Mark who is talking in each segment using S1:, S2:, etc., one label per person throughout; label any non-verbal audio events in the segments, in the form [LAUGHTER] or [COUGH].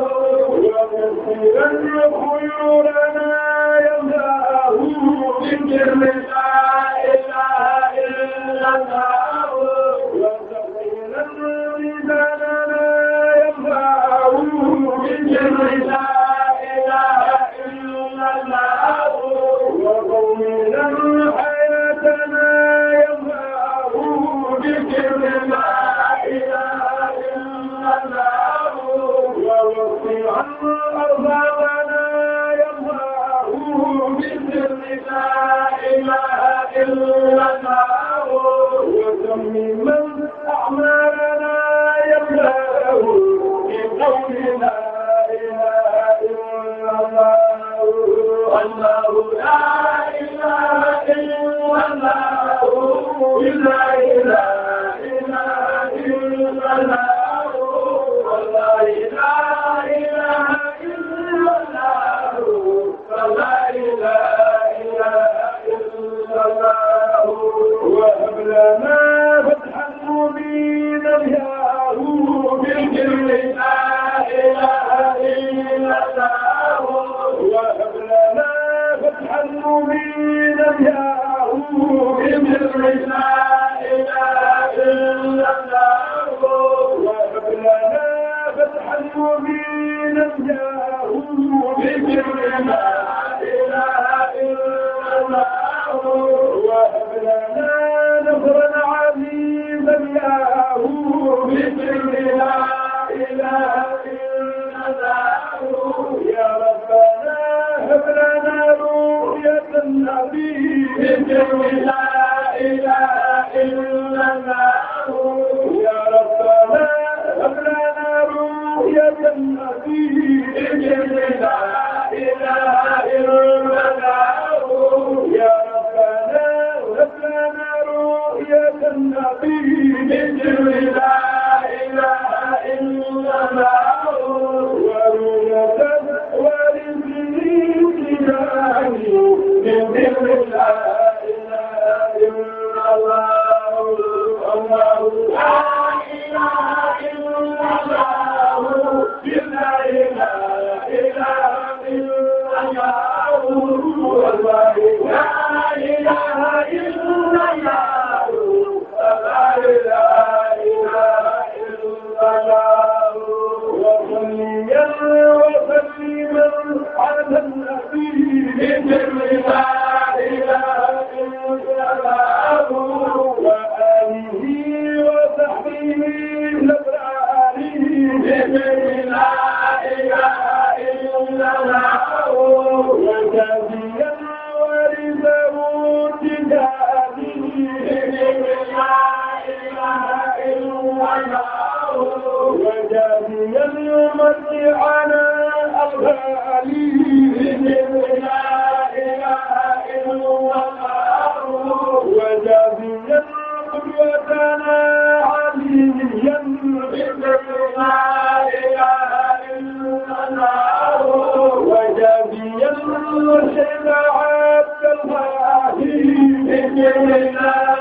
S1: وتسير الخيول ما يمنعه من كرمها
S2: يكن الناس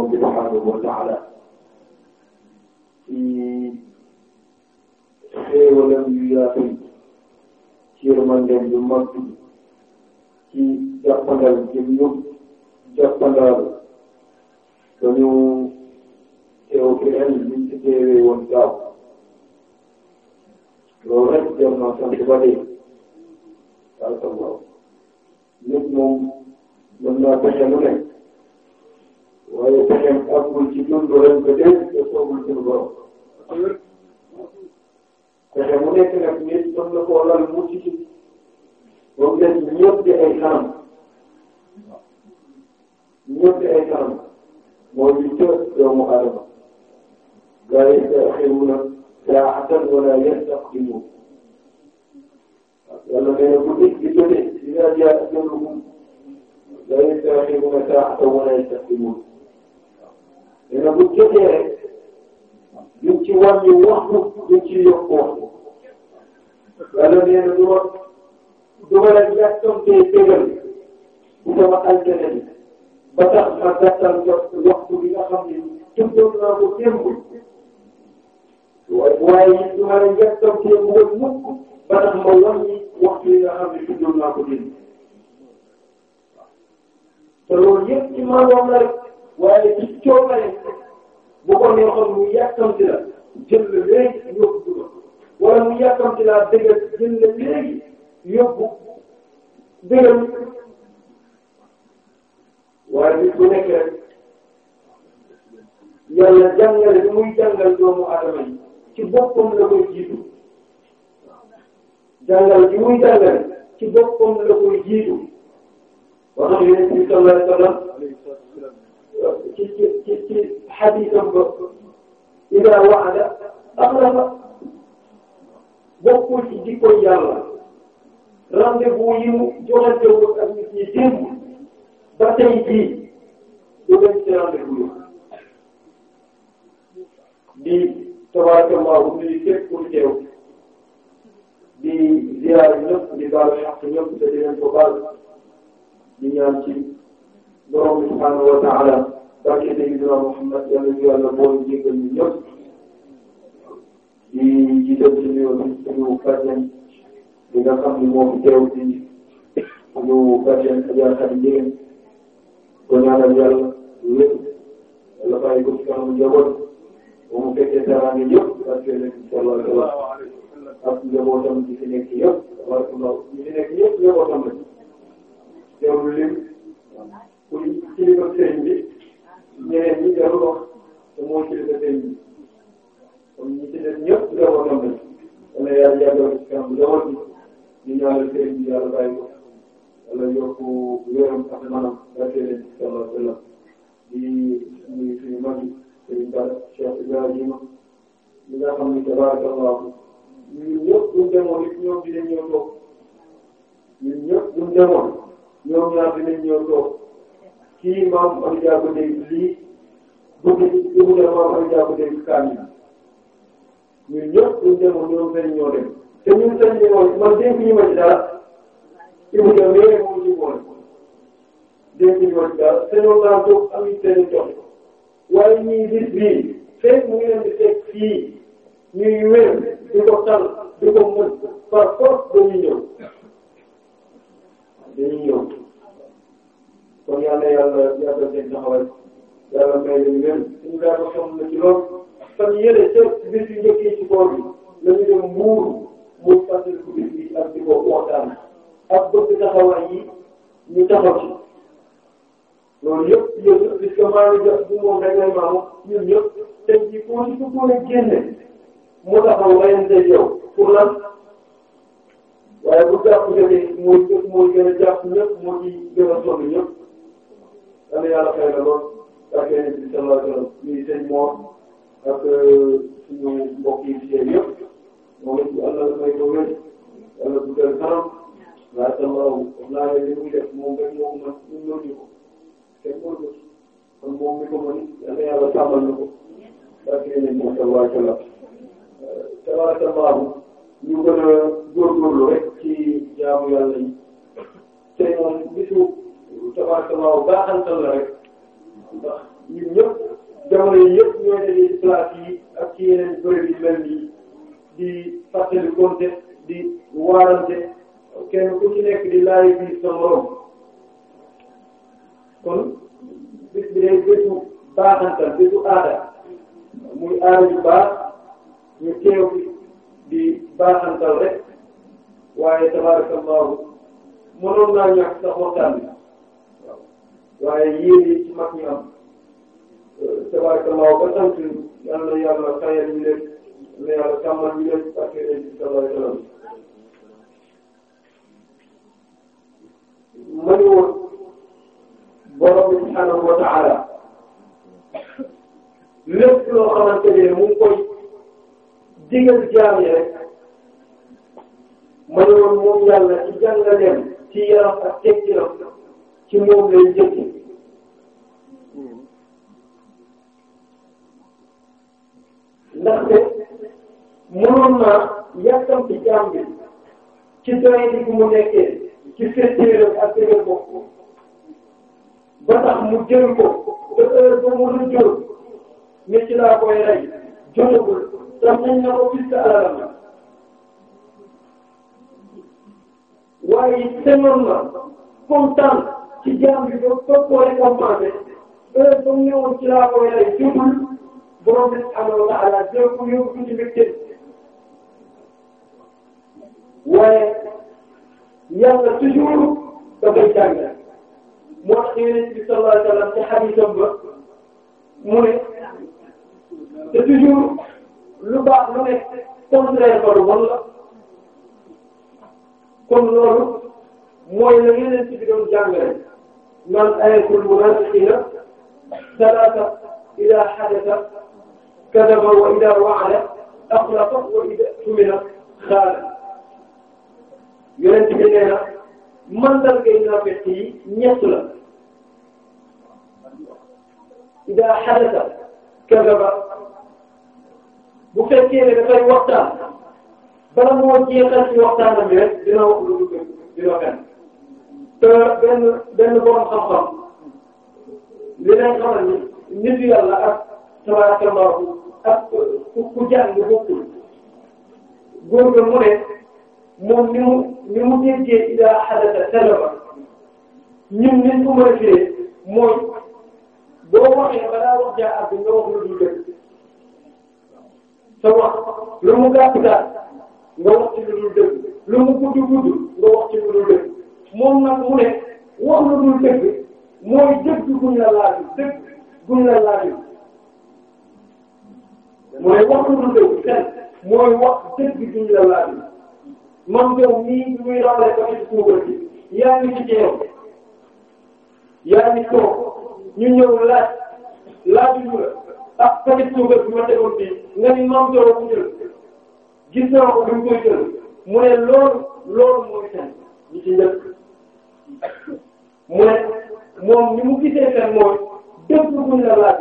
S3: borom bi subhaanahu wa taala ci yaatu ci yërmandeem yu ci jàppandal jëm ñu jàppandal dañu teew fi ren liñ ci teewee woon daaw loolu ba dee daal
S2: sa nit moom mën naa
S3: ci ñun dina bu jotee ci wàññi waxtu ñu ci yokku waxtu wala nee na du ma du ma la gàttantee dëggal bu sama altine bi ba tax ma gàttal waxtu bi nga xam ne tuddoon naa ko démb waaye it du ma la gàttantee mukk ba tax ma wàññi waxtu yi nga xam ne tuddoon naa ko démb te loolu yëpp ci maanaam la waaye ci coobare bu ko neexoon mu yàkkamti la la léegi yóbbu dugal wala mu yàkkamti laa dëggal jël la léegi yóbbu dëggal waaye nit bu nekk rek yàlla jàngale muy jàngal doomu aadama ci boppam la koy jiitu jàngale bi muy jàngale ci boppam la koy jiitu.
S2: ba xam ne ci sallallahu
S3: alayhi wa sallam ci ci ci ci xadiisam ba ida waada axlafa bokkul ci jikko yàlla rendez-vous yi mu joxante woon ak nit ñi démb ba tey jii du dem ci rendez-vous di tabarakallahu nuyu képp ku teew di ziar ñëpp di baal xaq ñëpp te dinañ ko baal ñu ci borom bi subhanahu wa taala barke Seydina Muhammad yàlla ñu yàlla boole jéggal ñu ñëpp di jiital ci nuyoo bi suñu bàjjen bi nga xam ne moo fi teew ci suñu bàjjen Adja Khady Ndiéguène ko ñaanal yàlla lépp yàlla bàyyi ko ci kanamu njaboot ba mu fekkee teraange yëpp barke leen sallallahu alayhi wa sallam ak njabootam bi fi nekk yëpp tabaarakallah bi fi nekk yëpp njabootam la jarul lim pour kilifa sëñ bi ñeneen ñi jarul wax te moo kilifa sëñ bi kon ñi ci des ñëpp njabootam lañ dana yàlla yàggal ci kanam njaboot bi ñu ñaanal sëñ bi yàlla bàyyi ko wala yokku wéram ak manam barke leen ci sallallahu alayhi wa sallam di
S2: nuyu suñu mag yi sëñ Ba Cheikh Ibrahima ñi nga xam ne tabarakallahu
S3: ñun ñëpp bu demoon it ñoom dinañ ñëw toog ñun ñëpp bu demoon ñoom ñaar dinañ ñëw toog kii maam Aliou Diakhou dégg lii bëgg bëgg na maam Aliou Diakhou dégg kaani ñun ñëpp ñu demoon ñoom seen ñoo dem te ñun seen ñoo man dénk ñu ma ci dara Ibou Dia mais moom ñu boole dénk ñu ma ci dara seen organ boobu am seen jox waaye ñuy bis bii fekk mu ngi leen di fekk fii ñuy wér di ko tal ko mën par dañuy ñëw kon yàlla yàlla yàlla seen taxawaay yàlla may leen gën suñu daal xam na ci lool fan yële ca bis yu njëkk yi ci koor bi la ñu dem muur mu fàttali ko bis bi ak di ko waxtaan ak bëgg taxawaay yi ñu taxaw ci loolu yëpp yëpp puisque maa ngi jot bu moom rek lay maamu ñun ñëpp tey jii ku ma si ko génne mu taxaw reyante yow pour lan. waaye bu jàpp jotee mooy mooy gën a jàpp ñëpp moo ci gën a sonn ñëpp. dana yàlla xëy na lool ak yéen bi sallallahu alayhi wa sallam ñuy sëñ moor ak suñu mbokk yi ci yéen yëpp moom it yàlla may ko wér yàlla bu gën kanam waaye sallallahu naa ne li muy def moom rek moo mën ñun ñoo ñu ko kenn moo ñu kon moom mi ko mën dana yàlla sàmmal na ko ak yéen bi sallallahu alayhi wa sallam tabaarakallahu ñu gën a góorgóorlu rek ci jaamu yàlla yi te moom bisu tabarakallah baaxantal la rek ndax ñun ñëpp jamono yi yëpp ñooy dañuy ci place yi ak ci yeneen bërëb yi mel nii di fàttali konte di waarante kenn ku ci nekk di laaj bi sa morom kon bis bi day bésu baaxantal bésu aada muy aada yu baax ñu teew fi di baaxantal rek waaye tabarakallahu mënoon naa ñàkk sax waxtaan bi waaw waaye yéen ci mag ñi am euh, tabarakallahu ba sant yal na yàlla xayal ñu leen na yàlla sàmmal ñu leen parce que dañ ci tabarakallahu ma ne woon borom bi subhanahu wa taala lépp loo xamante ne mu ngi koy digal jaam yi rek ma woon moom yàlla ci jàngaleem ci
S2: yaram ak tegginam ci moom lay jëkki
S3: ndaxte mënoon naa yàkkam ci jaam ci doy bi mu nekkee ci fetteeram ak dëgër bopp mu jël ko ba heure mu lu jur mais daf nañ na ko gis alalam la waaye teeloon na kontaan ci jaam bi ba ba ko récompensé ba ba mu newoon ci laa ko yàlla jubul borom bi subhanahu wa ta'ala jël ko yóbbu ko ci mbégte waaye yàlla toujours dafay jàngal moo tax yonent bi sallallahu alayhi wa sallam ci hadiisam ba mu ne te toujours lu baax lu ne contraire ko lu bon la kon loolu mooy la yeneen ci bi doon jàngale man ayatul munafiqina salaasa ida xadasa kadaba wa ida waada axlafa wa ida tumina xaala yeneen ci bi nee na mandargay naafeq yi ñett la ida xadasa kadaba bu fekkee ne dafay waxtaan bala moo jeexal ci waxtaanam bi rek dina wax lu dul dina fen te benn benn borom xam-xam li leen xamal ni nit yàlla ak tabarakallahu ak ku jàng bokkul góor ga mu ne moom ni mu ni mu déggee ila xadata salama ñun nit ku mën a firee mooy boo waxee balaa wax jaa ak nga wax lu dul
S2: sa wax lu mu gàtt gàtt
S3: nga wax lu dul dëgg lu mu gudd gudd nga wax lu dul dëgg moom nag mu ne wax lu dul dëgg mooy dëgg guñ la laaj dëgg guñ la laaj mooy wax lu dul dëgg kenn mooy wax dëgg guñ la laaj man yow nii muy rafet ba ci suuf bi yaa ngi ci teew yaa ngi toog ñu ñëw laaj laaj yu ndax paquet suukar bi ma tegoon fii nga ni maam Doro ko jël gis naa ko bi mu koy jël mu ne loolu loolu mooy fen ñi ci njëkk mu ne moom ni mu gisee fen mooy dëgg bu ñu la laaj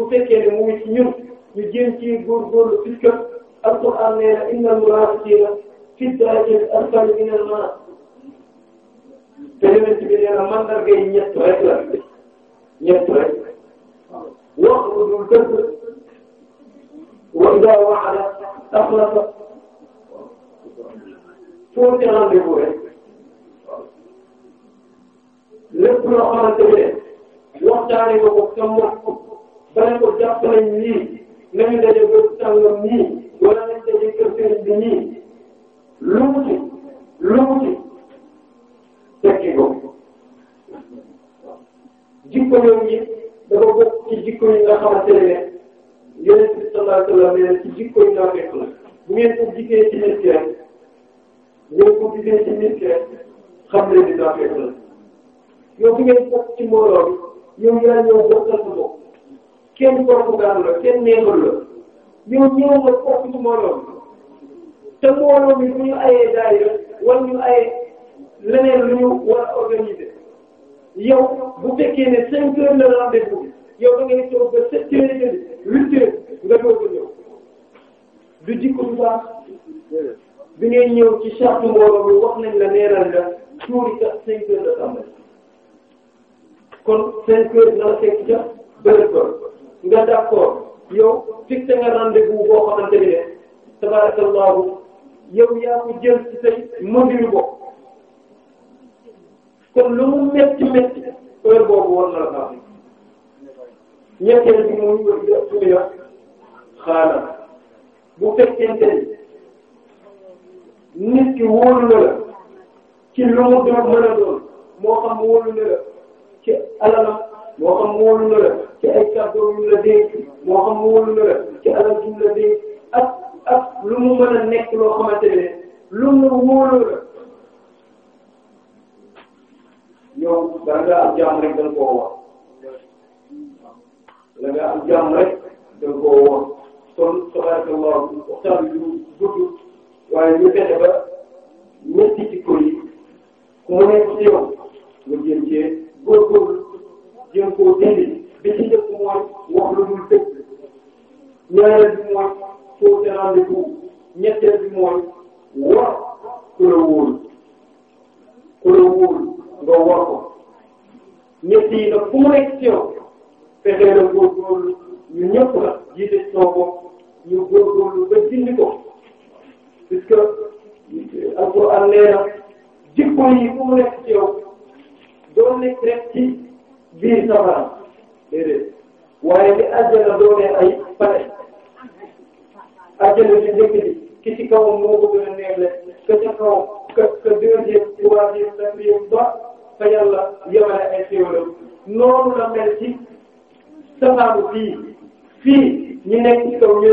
S3: bu fekkee ne mu ngi ci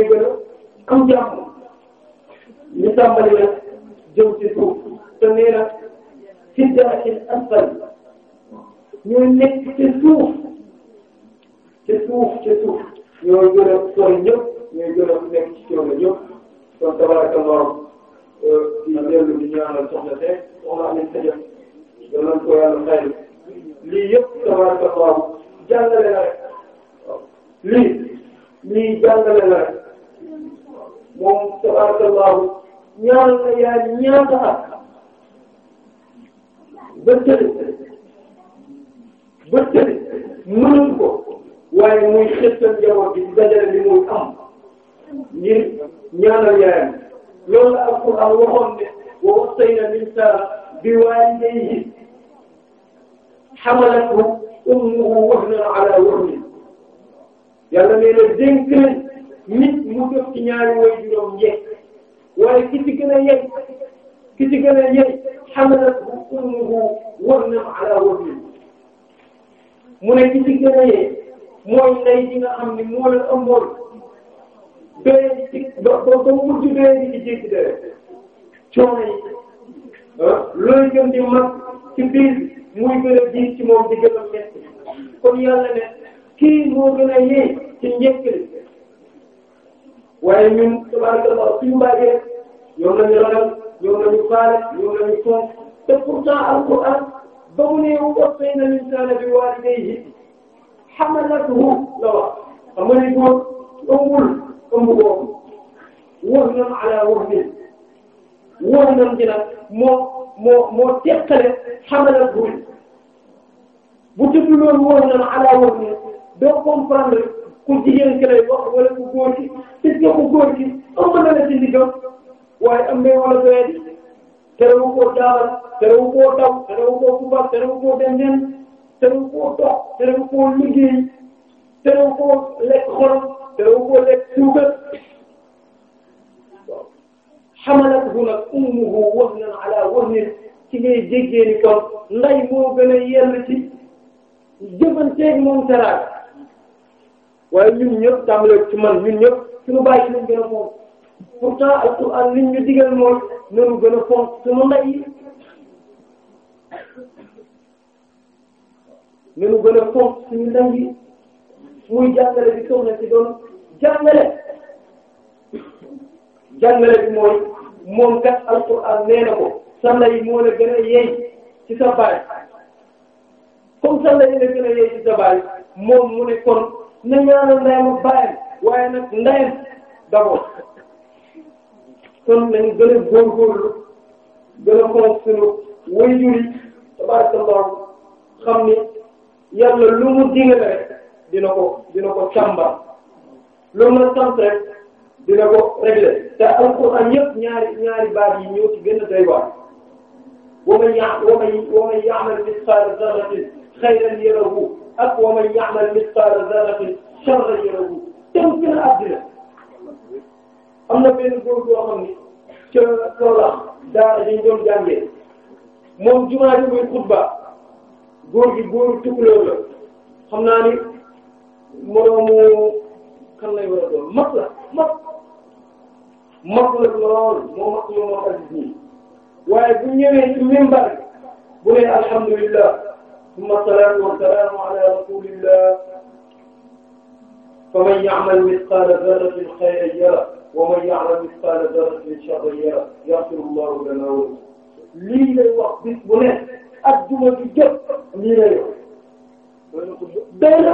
S3: day gën a am jàmm ñu tàmbali nag jëm ci suuf te nee na ci darakin asfal
S2: ñooy nekk ci suuf
S3: ci suuf ci suuf ñooy gën a sori ñëpp ñooy gën a nekk ci coono ñëpp kon tabarakallah ci euh, dellu di ñaanal soxna te soxna Amine Sadio danañ ko yàlla xayma lii yëpp tabarakallah jàngale na rek lii lii jàngale na rek moom tabarakallahu ñaar na yaa ñaata at ba tële ba tële mënul ko waaye muy xettal njaboot bi dajale li muy am ngir ñaanal yaayam loolu la alquran waxoon ne wa wasayna l'insana bi walidayhi hamalathu ummuhu wahnan ala wahnin yàlla nee na dénk nit mu def ci ñaari way juróom yegg waaye ki ci gën a ki ci gën a yegg xamalat bu ummuhu war mu ne ki ci gën a yegg mooy ndey ji nga xam ni moo la ba ba ba mujj doyee ci jéggi dara coono yi ah looy gën di ci biir muy gën a diis ci moom di gën a métti kon moo gën a yegg ci njëkk waaye ñun tabarakallah suñu mbaagee ñoom la ñu ragal ñoom la ñu faale ñoom la ñu toog te pourtant alquran ba mu ne wassayna al-insaana bi waalidayhi hamalathu la wax xam nga ni góor ëmbul ëmb boobu wahnan ala wahnin wahnan dina moo moo moo teqale hamalathu bu tudd loolu wahnan ala wahnin doo comprendre ku jigéen ki lay wax wala ku góor ki ku góor ki na la waaye am wala doyadi terewu koo daawal terewu koo daw terewu koo kubal terewu koo deneen terewu koo dox terewu koo liggéey terewu koo lekk xorom terewu koo lekk suukar hamalathu nag ummuhu wahnan ala wahnin ci ngay déggee ni kon a yell ci waaye ñun ñëpp tàmbalee ci man ñun ñëpp suñu bàyyi ci gën a fonk pourtant alquran liñ ñu digal mooy nañu gën a fonk suñu ndey yi muy jàngale bi soxna si doon jàngale jàngale bi mooy moom kat alquran nee na ko sa ndey moo la gën a yeey ci sa baay comme sa ndey la gën a yeey ci sa baay moom mu ne kon na ñaanal ndeyam ak baayam waaye nag ndeyam d'abord kon nañ gën a góorgóorlu gën a xool suñu waajur yi tabarakallah xam ni yàlla lu mu digal rek dina ko dina ko càmbar lu mu sant rek dina ko régler te alquran
S1: yëpp ñaari ñaari baat yi ñëw
S3: ci gën a doy wa man ya wa man wa man ya'mal mithqala dharratin khayran yarahu ak wa man ya'mal mithqaala dharratin sharran yarahu teewul gën a àddina am na benn góor boo xam ni ca Kaolack daara dañ doon jàngee moom jumaa ji muy xutba góor gi góoru tukulóor la xam naa ni moroomu kan lay war a doon mag la mag mag la lool moo mag ñoo mag Aziz nii waaye bu ñëwee ci mimbar bu ne alhamdulillah summa salaatu wa salaamu ala rasulillah faman ya'mal mithqaala dharratin khayran yara wa man ya'mal mithqaala dharratin sharran yara yaghfiru llahu lanaa wa lakum lii lay wax bis bu ne ak juma bi jëpp lii lay wax
S2: day na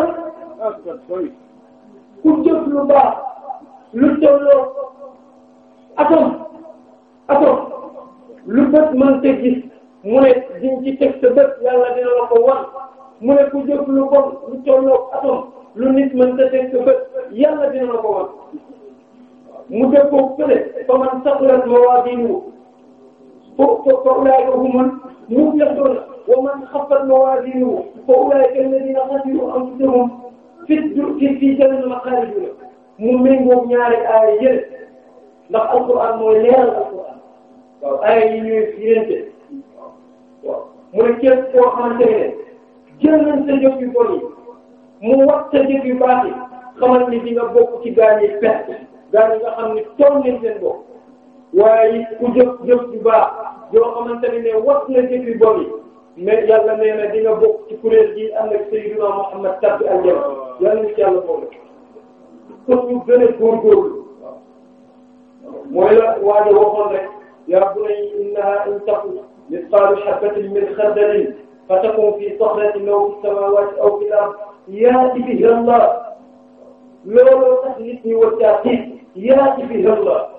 S2: ku jëf lu baax lu tolloo atom
S3: atom lu bët mën te gis mu ne diñ ci teg sa bët yàlla dina la ko wan mu ne ku jëf lu bon lu tolloog atom lu nit mën ta teg sa bët yàlla dina la ko wan mu def ko fële fa man saqulat mawaaziinuhu fa fa ulaa'ika humul muflihuun wa man xaffat mawaaziinuhu fa ulaa'ika allaziina xasiruu anfusahum fi jahannama xaaliduun mu méngóog ñaari aaya yële ndax alquran mooy leeral alquran waaw aaya yi ñuy firante waaw mu ne képp koo xamante ne jël nañ sa jëf yu bon yi mu wax sa jëf yu baax yi xamal ni bokk ci gaañ yi perte gaañ yi nga xam ni toll nañ seen bopp waaye ku jëf jëf yu baax yoo xamante ne wax na jëf yu bon yi mais yàlla nee na di nga bokk ci kuréel gi am ak Sayyidina Muhammad tabbi aljanna yàlla na ci yàlla boole kon ñu gën a i mooy la waa ji waxoon rek yaa bunayya innahaa in taku مثقال حبة من خردل فتكون في صخرة أو في السماوات أو في الأرض يأتي بها الله لولا تخليفني والتعقيد يأتي بها الله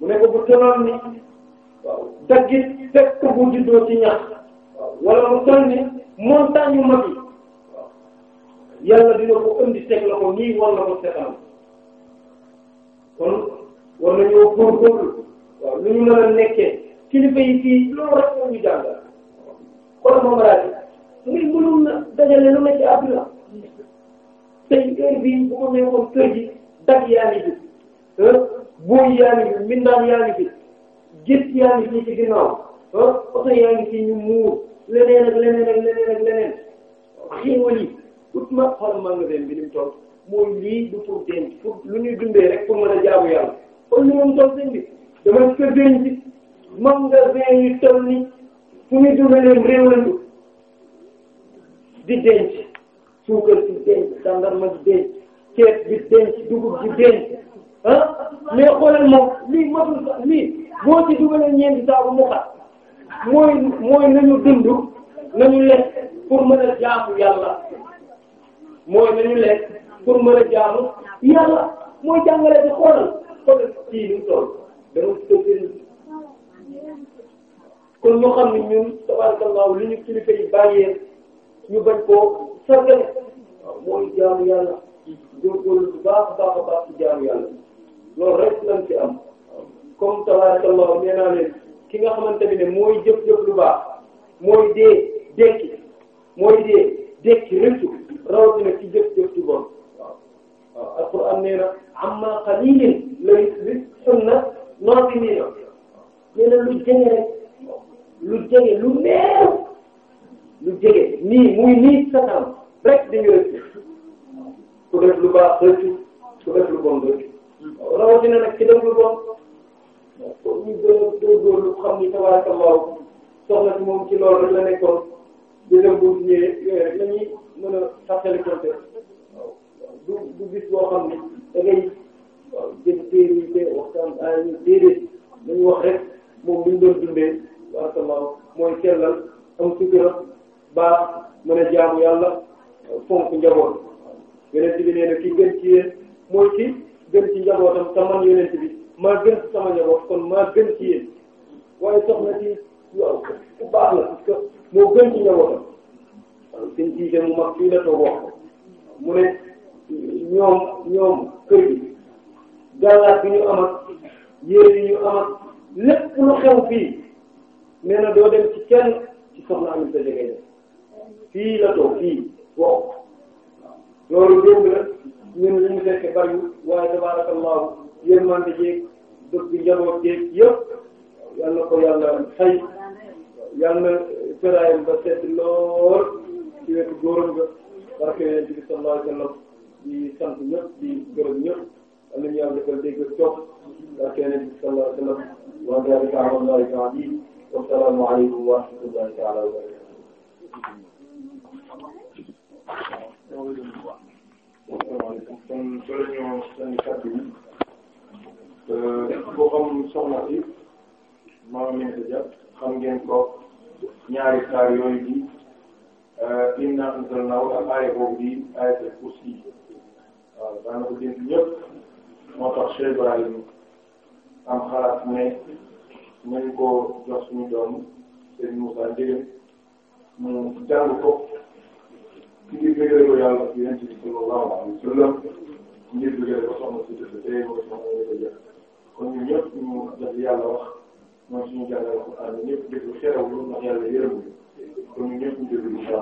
S3: mu ne ko bu tënoon ni waaw daggit fekk bu juddoo ci ñax wala mu tënk ni montagne yu mag yi yàlla dina ko indi teg la ko nii war na ko seetal kon war nañoo góorgóorlu waaw lu ñu mën a nekkee kilifa yi fii loolu rek moo ñu jàngal kon moom raadu muy mënoon na dajale lu ma ci àdduna tey heure bii bu ko nekkoon kër gi dag yaa ngi fi booy yaa ngi fi mindaan yaa ngi fi gis yaa ngi fi ci ginnaaw oto yaa ngi fi ñu muur leneen ak leneen ak leneen ak leneen xéewal yi ut ma xool magasin bi ni mu lii du pour denc pour lu ñuy dundee rek pour mën a jaamu yàlla kon ni moom toll seen bi. dama ko denc magasin yu toll ni fu muy dugalee réew la di denc suukar bi denc tàndarma bi denc ceeb bi denc dugub bi denc ah mais xoolal moom lii matul sax lii boo ci dugalee ñeenti saabu mu xat mooy mooy nañu dund nañu lekk pour mën a jaamu yàlla mooy nañu lekk pour mën a jaamu yàlla mooy jàngale bi xoolal xoolal ci li mu dama tëgg kon xam ne ñun tabarakallah li ñu kilifa yi bàyyee ñu bañ koo sargal waaw mooy jaamu yàlla góorgóorlu bu baax a baax a baax ci jaamu yàlla loolu rek lañ ci am comme tabarakallah nee naa leen ki nga xamante ne mooy jëf-jëf lu mooy dee dekki mooy dee dekki rëccu rawatina ci jëf-jëf lu bon nee na amma qalilin la yusbihunna noppi million na lu jege rek lu jege lu néew lu jege di nga ku def lu baax rëccu ku def lu bon rëccu rawatina nag ci def lu bon kon ñu doon góorgóorlu xam ni tabarakallah soxna si moom ci loolu rek la
S2: nekkoon deuxième bu ñëwee eh,
S3: la ñuy mën a fàttali compte du du gis boo xam ni da waaw jëf téere yi te waxtaan ay déedéet wax rek moom mi ñu dundee waaw sama mooy sellal am sutura baax mën a jaamu yàlla fonk njaboot yonent bi nee ki gën ci yéen mooy ki gën ci njabootam te yonent bi maa gën ci sama njaboot kon maa gën ci yéen waaye soxna ci waaw baax la parce que moo gën ci njabootam waaw seen jiite mu mag fii la toog wax mu ne ñoom ñoom kër gi gàllaat bi ñu amat yére yi ñu amat lépp lu xew fii nee doo dem ci kenn ci soxna amit sa jege dem fii la toog fii wow loolu démb la ñun li ñu bariwul waaye tabarakallahu yërmande jeeg bëgg njaboot jeeg yëpp yal ko yàlla fay yal na ba set lool ci wetu góoram ga barke yonent bi sallallahu alayhi wa sallam di sant ñëpp di am nañu yàlla defal dégg ak topp ak keneen bi sallallahu alayhi wa sallam wa rahmatullahi ta'ala wa barakatuh wa salaamu alaykum wa rahmatullahi ta'ala wa barakatuh
S2: asalaamaaleykum kon bala ñoo seen kàddu yi boo xam
S3: soxna si maa ngi leen di jàpp xam ngeen ko ñaari saar yooyu bi inna anzalnahu ak aaya boobu bi ayatul kursi waaw daanaka dégg ñëpp moo tax Cheikh Ibrahim am xalaat ne nañ ko jox suñu doom Serigne Moussa Ndieguene mu jàng ko ngir bëggee ko yàlla yonent bi sallallahu alayhi wa sallam ngir bëggee ko soxna si dëkk tey mooy soxna ñu ko jëf kon ñun ñëpp ñu def yàlla wax mooy suñu jàngal ko ànd ñëpp déglu xerawlu ndax yàlla yërëmul kon ñun ñëpp ñu déglu incha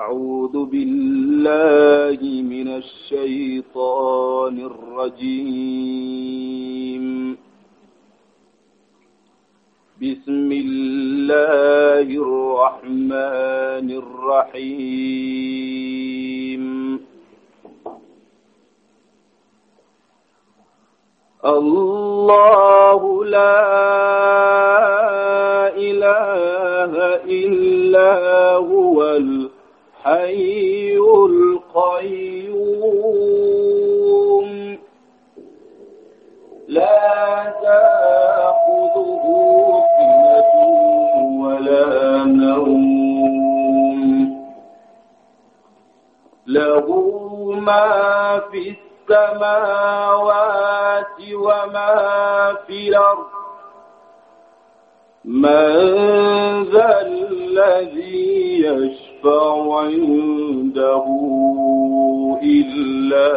S2: أعوذ
S4: بالله من الشيطان الرجيم بسم الله الرحمن الرحيم الله لا إله إلا هو الحي القيوم لا تأخذه سنة ولا نوم له ما في السماوات وما في الأرض من ذا الذي يشفع فعنده إلا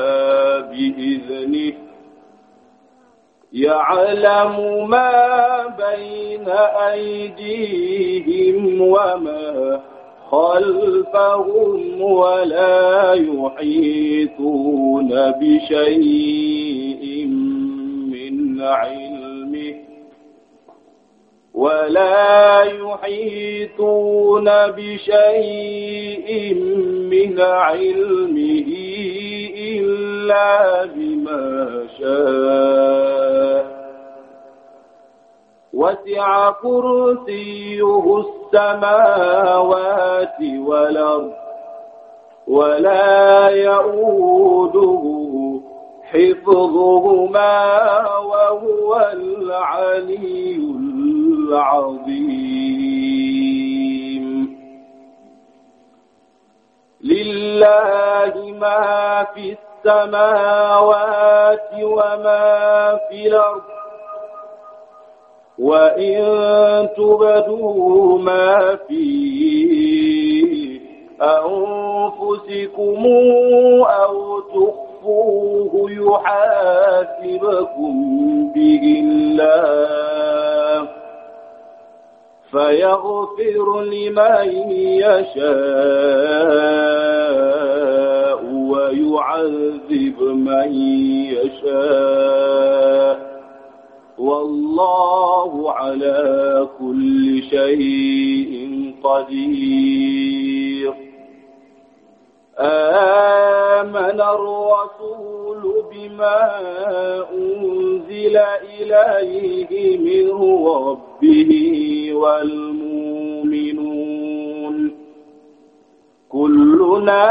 S4: بإذنه يعلم ما بين أيديهم وما خلفهم ولا يحيطون بشيء من علم ولا يحيطون بشيء من علمه إلا بما شاء وسع كرسيه السماوات والأرض
S2: ولا
S4: يؤوده حفظهما وهو العلي العظيم لله ما في السماوات وما في الأرض وإن تبدوا ما في أنفسكم أو تخفوه يحاسبكم به الله فيغفر لمن يشاء ويعذب من يشاء والله على كل شيء قدير آمن الرسول بما أنزل إليه من ربه والمؤمنون كلنا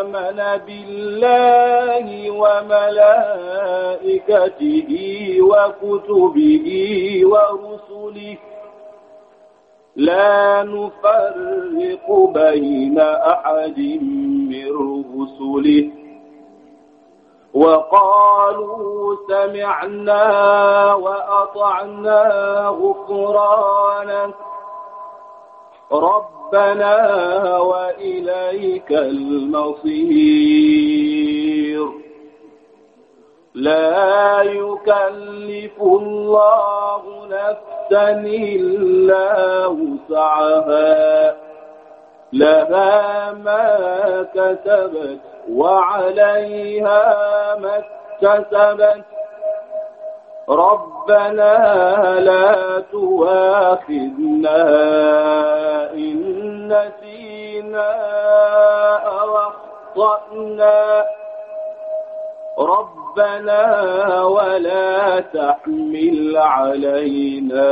S4: آمن بالله وملائكته وكتبه ورسله لا نفرق بين أحد من رسله وقالوا سمعنا وأطعنا غفرانك ربنا وإليك المصير لا يكلف الله نفسا إلا وسعها لها ما كسبت وعليها ما اكتسبت
S2: ربنا لا
S4: تواخذنا إن نسينا أو أخطأنا ربنا ولا تحمل علينا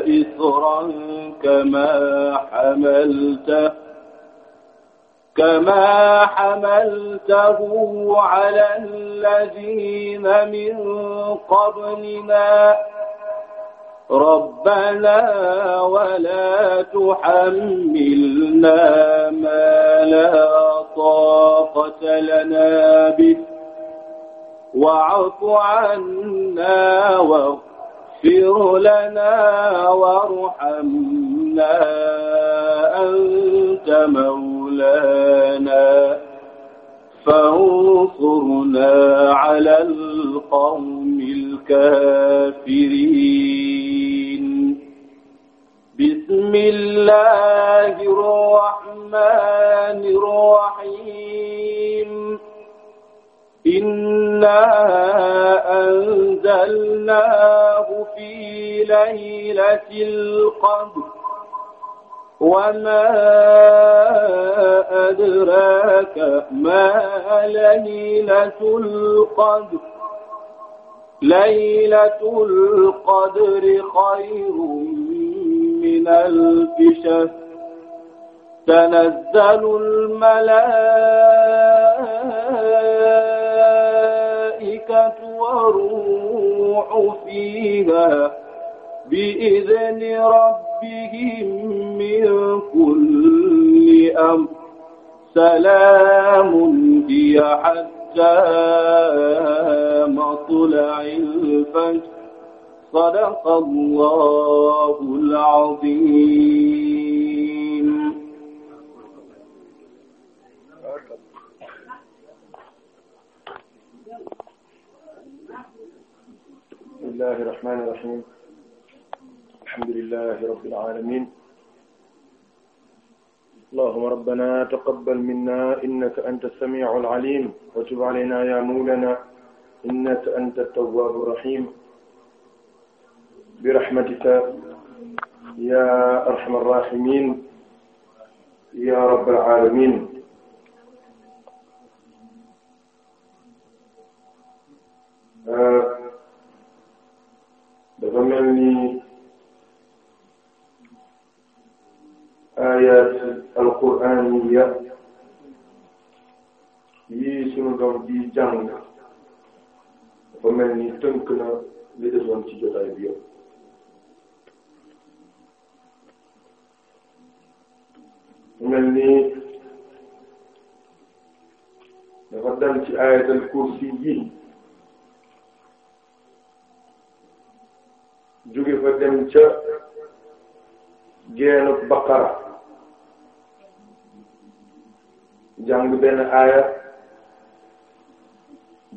S4: إصرا كما حملته كما حملته على الذين من قبلنا ربنا ولا تحملنا ما لا طاقة لنا به واعف عنا واغفر لنا وارحمنا أنت مولانا فانصرنا على القوم الكافرين بسم الله الرحمن الرحيم إنا أنزلناه في ليلة القدر وما أدراك ما ليلة القدر ليلة القدر خير من ألف شهر تنزل الملائكة والروح فيها بإذن ربهم من كل أمر سلام هي حتى مطلع الفجر صدق الله العظيم
S3: الله الرحمن الرحيم الحمد لله رب العالمين اللهم ربنا تقبل منا إنك أنت السميع العليم وتب علينا يا مولانا إنك أنت التواب الرحيم برحمتك يا أرحم الراحمين يا رب العالمين Uh, ayat alquraniya yii sunu doom di jàng dafa mel ni tënk na li desoon ci jotaay bi yëpp mel ni dafa dal ci ayat alkursi yi jóge fa dem ca génn baqara jàng benn aaya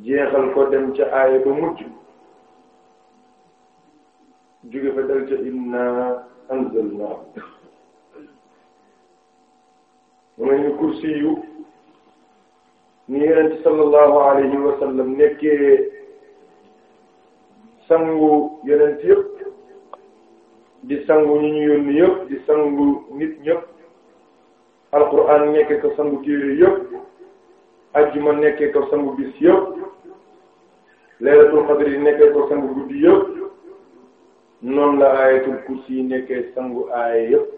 S3: jeexal ko dem ca aaya ba mujj jóge fa dal ca inna anzalna mu ne ñu kursi yu ni yonent sallallahu alayhi wa sallam nekkee sangu yonent di sangu ñu ñu yónni yëpp di sangu nit ñëpp alquran nekkee ko sangu téere yëpp ajjuma nekkee ko sangu bis yëpp laylatul qadri nekkee ko sangu guddi yëpp noonu la ayatul kursi nekkee sangu aaya yëpp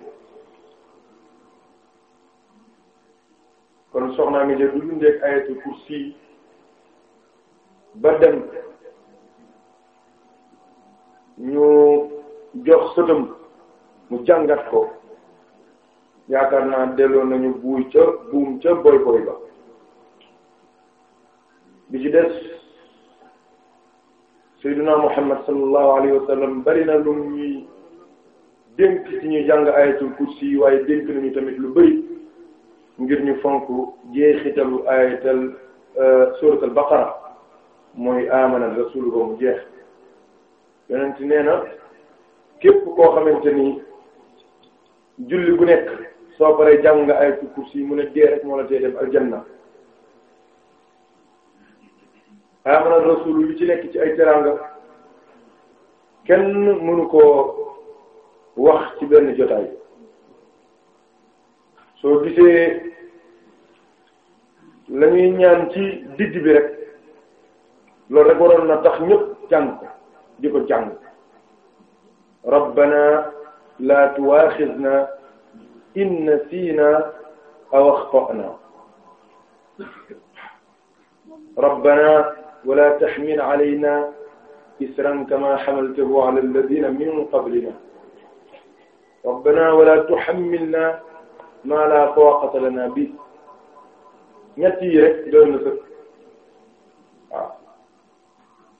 S3: kon soxnaa mi de du dundeek ayatul kursi ba dem ñu jox sëtam mu jàngat ko yaakaar naa delloo nañu buuy ca buum ca boy boy ba bi ci des sayyidina muhammad sallallahu alayhi wa sallam na lu ñuy dénk ci ñuy jàng ayatul kursi waaye dénk nañu tamit lu bëri ngir ñu fonk jeexitalu ayatal euh, suratul baqara mooy amana rasul ba jeex yonent nee képp koo xamante ni julli bu nekk soo paree jàng nga ay kursi mu ne dee rek moo la tee dem aljanna xanaa mën li ci nekk ci ay teranga kenn mënu koo wax ci benn jotaay soo gisee la ñuy ñaan ci digg bi rek loolu rek waroon na tax ñëpp jàng ko di ko jàng rabbana la tuwaxizna in nasiina aw axtana rabbana wala taxmil alayna isran kama xamaltahu ala alladina min qablina rabbana wala tuxammilna ma la taqata lana bi ñett yi rek doon na sëkk waaw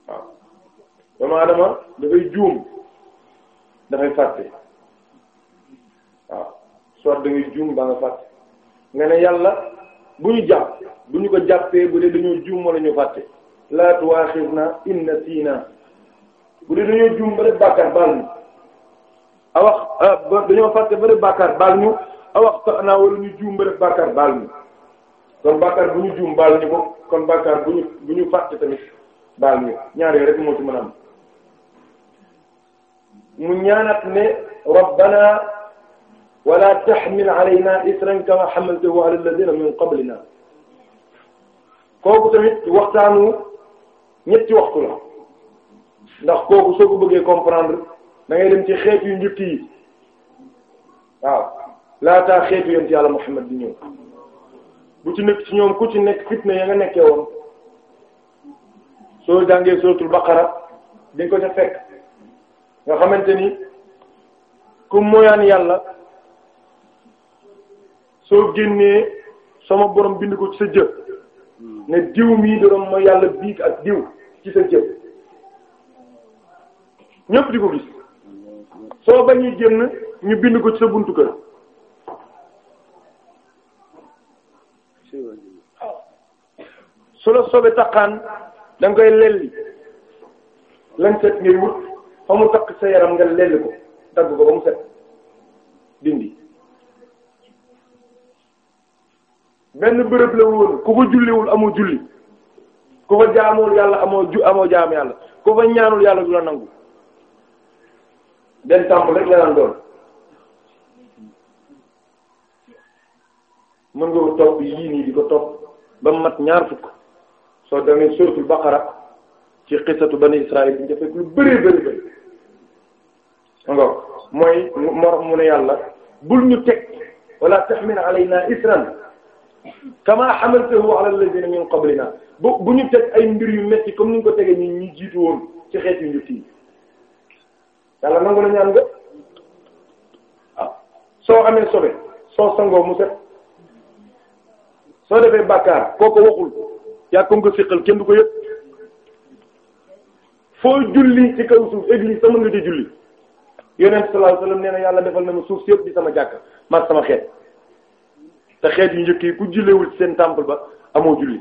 S3: waaw doomu aadama dafay juum dafay fàtte waaw soit da ngay juum ba nga fàtte nga ne yàlla bu ñu jàpp bu ñu ko jàppee bu dee dañoo juum wala ñu fàtte la tu'akhidna in nasina bu dee dañoo juum ba def bàkkaar baal ñu awax ah, dañoo fàtte ba def bàkkaar baal ñu awax tax naa wala ñu juum ba def bàkkaar baal ñu kon bàkkaar bu ñu juum baal ñu ko kon bàkkaar bu ñu bu tamit baal ñu ñaar yooyu rek moo ci mën a am mu ñaanat ne rabbana ولا تحمل علينا إثرا كما حملته على الذين من قبلنا kooku tamit waxtaanu ñetti waxtu la ndax kooku soo ko bëggee comprendre da ngay dem ci xeet yu njëkk yi waaw laataa xeetu yonent Yàlla Muhammad di ñëw bu ci nekk ci ñoom ku ci nekk fitna ya nga nekkee woon soo jàngee suratul Baqara di nga ko ca fekk nga xamante ni ku moyaan yàlla. soo génnee sama boroom bind ko ci sa jëf ne diw mii doon ma yàlla biig ak diw ci sa jëf ñëpp di ko gis soo bañuy génn ñu bind ko ci sa buntu kër su la sobe taqaan da koy lelli lan set ngay wut fa mu takk sa yaram nga lelli ko dagg ko ba mu set dindi benn bërëb la woon ku ko julliwul amoo julli ku ko jaamuwul yàlla amoo ju amoo jaam yàlla ku ko ñaanul yàlla du la nangu benn temple rek la daan doon mën nga ko topp yii nii di ko topp ba mat ñaar fukk soo demee suratul baqara ci xisatu bani israil bi dafay lu bëree bëri bëri ngor mooy morox mu ne yàlla bul ñu teg wala tahmil alayna isran kama hamaltahu ala alladhina min qablina bu bu ñu teg ay mbir yu metti comme ni ko tegee ñi ñu jiitu woon ci xeet yu njëkk yi yàlla nangu na ñaan nga ah. soo amee sobe soo sangoo mu set soo defee bàkkaar koo ko waxul yaa ko nga siqal kenn du ko yëpp foo julli ci kaw suuf église sama nga julli yonent sallallahu alayhi wasallam nee yàlla defal na ma suuf si yëpp di sama jàkk maag sama xeet te xeet yu njëkk yi ku julleewul seen temple ba amoo julli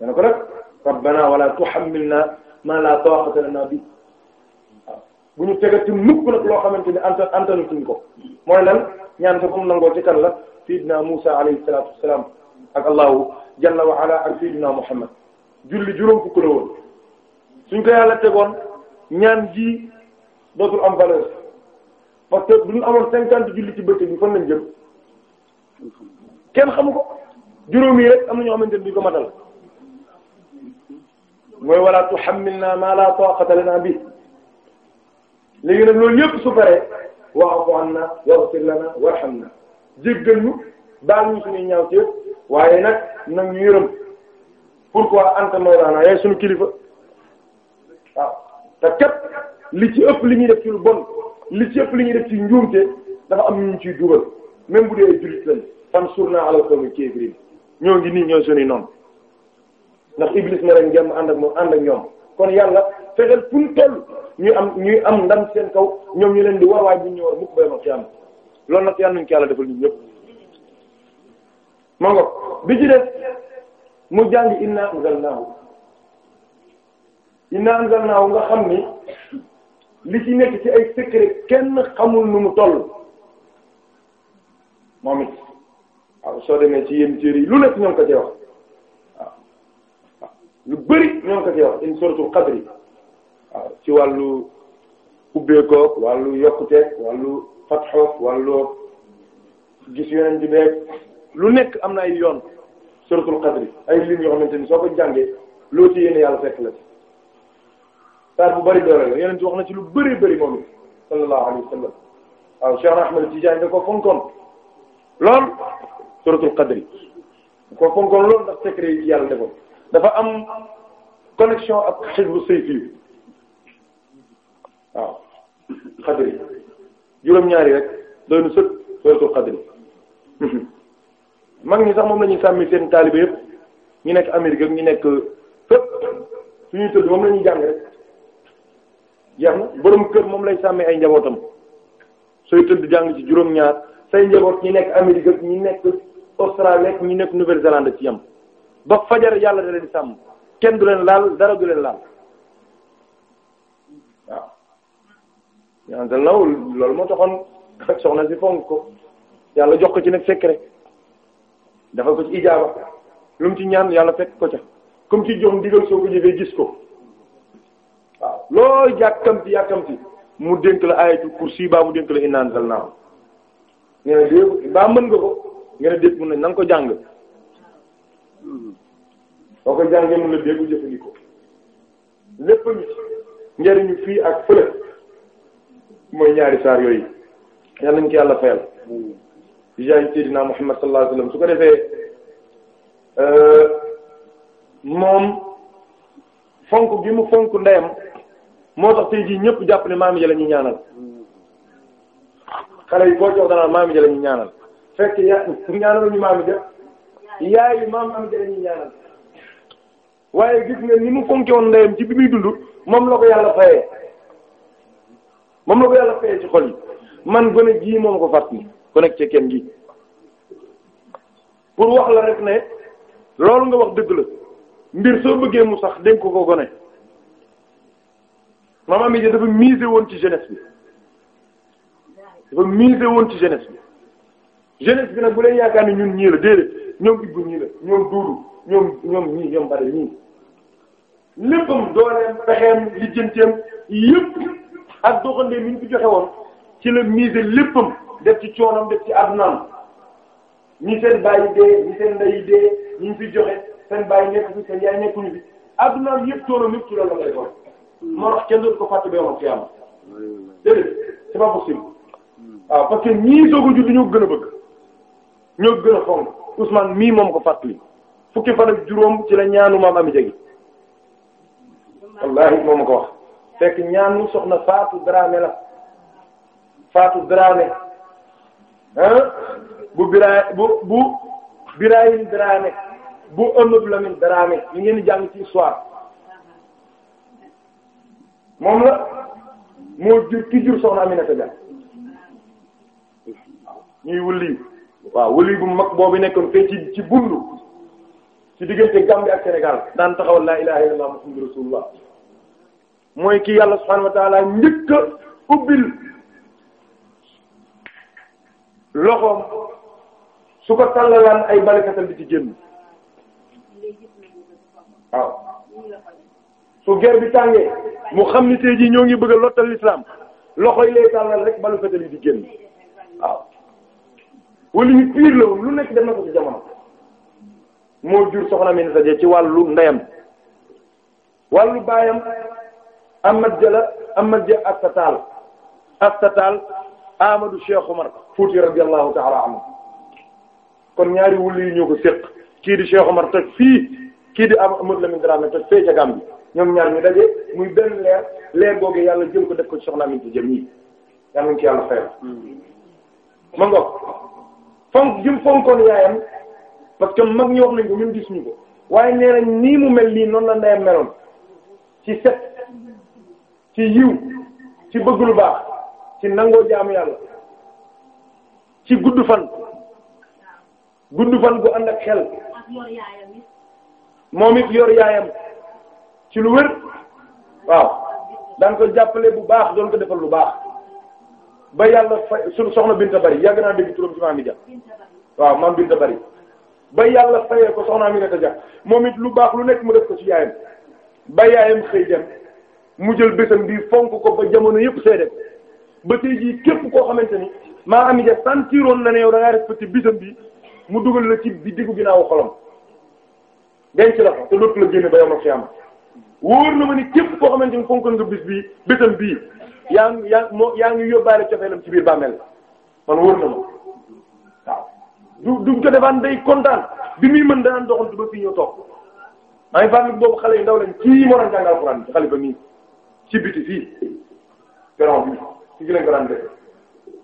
S3: na ko nag rabbana wala tuhammilna ma la taqata lana bi waaw bu ñu tegati mukk nag loo xamante ni anta antanatuñ ko mooy lan ñaan ko comme nangoo ci kan la sayyidina Musa alayhi salatu wassalam ak Allahu jalla wa ala ak Muhammad julli juróom fukk la woon suñ ko yàlla tegoon ñaan ji dootul am parce que bu ñu amoon cinquante julli ci bëccëg bi fan lañ jëm kenn xamu ko juróomi rek am na ñoo xamante ne duñ ko matal mooy wala tuhammilna ma la taqata lana bi léegi nag loolu yëpp su paree wa'fu anna waghfir lana warhamna jéggal ñu baal ñu suñuy ñaaw ci waaye nag nag ñu yërëm pourquoi anta mawlana yaay suñu kilifa waaw te képp li ci ëpp li ñuy def ci lu bon. li ci ëpp li ñuy def ci njuumte dafa am ñu ci dugal même bu dee jullit lañ fan surna alal qawmi kafirin ñoo ngi nii ñooy suñuy noonu ndax iblis na leen jàmm ànd ak moom ànd ak ñoom kon yàlla fexeel fu ñu ñuy am ñuy am ndam seen kaw ñoom ñu leen di war waaye bu ñu war mukk bay loolu nag yàlla nañu ko yàlla defal ñun ñëpp moo bi ci def mu jàngi inna anzalnahu inna anzalnahu nga xam ni li ci nekk ci ay secret kenn xamul nu mu toll moom it waaw soo demee ci yenn téere yi lu nekk ñoom ko ci wax waaw waaw lu bari ñoom ko ci wax in suratul qadri ci wàllu ubbeekoo wàllu yokkute wàllu fatxo wàllu gis yeneen di beeg lu nekk am na ay yoon suratul qadri ay lim yoo xamante ni soo ko jàngee loo ci yéene yàlla fekk la ci saar bu bari doole la yeneen ci wax na ci lu bëri bëri moom it sallallahu alayhi wa sallam waaw Cheikh Ahmed Tidiane da ko fonkoon lool suratul qadri da ko yi dafa am connexion ak xisbu sayfi rek doy na sët sax moom la ñuy sàmmi seen taalibe yëpp ñu nekk Amérique ñu nekk fépp suñuy moom la ñuy jàng rek. jeex na borom kër moom lay sàmmee ay njabootam sooy tëdd jàng ci juróom-ñaar say njaboot ñi nekk Amérique ak ñi nekk Australie ak ñi nekk Nouvelle-Zélande ci yam ba fajar yàlla da leen sàmm kenn du leen laal dara du leen laal waaw. loolu moo taxoon soxna si fonk ko yàlla jox ko ci nag secret dafa ko ci ijaaba lu mu ci ñaan yàlla fekk ko ca comme ci jox ndigal soo ko jëfee gis ko. loo yàkkamti yàkkamti mu dénk la ayatul kursi baa mu dénk la inna anzalnaa nga na nga ko jàng boo ko jàngee mun la ñaari saar yooyu yal nañ yàlla fayal bi ko defee euh, moom fonk gi mu fonk ndeyam moo tax tey jii ñëpp jàpp ne maam ja la ñuy ñaanal xale yi boo jox danaa maam ja la ñuy ñaanal fekk yaa ñaanal ñu maam ja yaay maam ja la ñaanal waaye gis nga ni mu fonke ndeyam ci bi muy dund moom la ko yàlla fayee moom la ko yàlla fayee ci xol yi man gone gii moom ko fàttali ko nekk ci kenn gi pour wax la rek ne loolu nga wax dëgg la mbir soo bëggee mu sax dénk ko ko gone maman Média dafa misé woon ci jeunesse bi dafa misé woon ci jeunesse bi jeunesse bi nag bu leen yaakaar ne ñun ñii la déedéet ñoom Ibou ñii la ñoom Dudu ñoom ñoom ñii ñoom Bada ñii léppam dooleem pexeem lijjanteem yëpp ak doxandee mi ñu joxe woon ci la misé léppam def ci coonam def ci addunaam ñi seen bàyyi dee ñi seen ndeyi dee ñi ñu fi joxe seen bàyyi nekk fi seen yaay nekkuñu fi addunaam yëpp coonam yëpp ci loolu la koy xool. moo tax kenn doon ko fàtte ba yomal xiyaama déedéet pas possible waaw ah, parce que ñii soog a ñoo gën a bëgg ñoo gën a fonk Ousmane mii moom ko fàttali fukki fan ak juróom ci la ñaanu maam Ami Dia gi wallaahi moom ma wax fekk ñaanu soxna Fatou Dramé la Fatou Dramé ah bu Biraay bu bu Birayim Dramé bu Amadou Lamine Dramé ñu ngeen di jàng ci histoire. moom la moo jur ki jur soxna Aminata Dia ñuy wëli waaw wëli bu mag boobu nekkoon fee ci ci bundu ci diggante Gambie ak Sénégal daan taxawal laa ilaha illallah muhammadur rasulullah mooy ki yàlla subhanahu wa njëkk ubbil loxoom su ko tallalaan ay barakatal di ci génn waaw su ger bi tàngee mu xam ni tey jii ñoo ngi bëgg a lottal l'islam loxo yi lay tàllal rek balu fetal yi di génn waaw wala ñu piir la woon lu nekk dem na ko ci jamono moo jur soxna mi na ci wàllu ndeyam wàllu baayam Ahmad Jalla Ahmad Jalla Asta Tall Asta Tall Amadou Cheikh Omar Fouti radiyallahu ta'ala anhu kon ñaari wulli yi ñoo ko séq kii di Cheikh Omar toj fii kii di Amadou Lamine Dramé toj fee ca Gambie ñoom ñaar ñu daje muy benn leer leer googu yàlla jël ko def ko soxna Aminta jëm ñii yàlla nañu ci yàlla fayal. fonk jëm fonkoon yaayam parce que mag ñi wax nañ ko ñun gis ñu ko waaye nee nii mu mel nii noonu la ndeyam meloon ci set ci yiw ci bëgg lu baax ci nangoo jaamu yàlla ci gudd fan gudd fan gu ànd ak xel moom it yor yaayam. ci lu wér waaw danga ko jàppale bu baax doon ko defal lu baax ba yàlla fay soxna Binta Bari yàgg naa dégg turam ci maam Dia waaw maam Binta Bari ba yàlla fayee ko soxna Aminata Dia moom it lu baax lu nekk mu def ko ci yaayam ba yaayam xëy dem mu jël bésam bi fonk ko ba jamono yëpp seede ko ba tey jii képp koo xamante ni maa am ja santiroon na ne yow da ngaa bisam bi mu dugal la ci bi diggu ginnaawu xolam denc la fa te dootu la génne wóor na ma ni képp koo xamante ni fonk nga bis bii bésam bii yaa ngi yaa moo yaa ngi yóbbaale cofeelam ci biir bàmmeel man wóor na ma waaw du du defaan day kontaan bi muy mën danaan doxantu ba fii ñëw toog maa ngi boobu xale yu ndaw lañ kii moo jàngal alxuraan ci xale ba nii ci biti fii peron bi ci gi ko daan def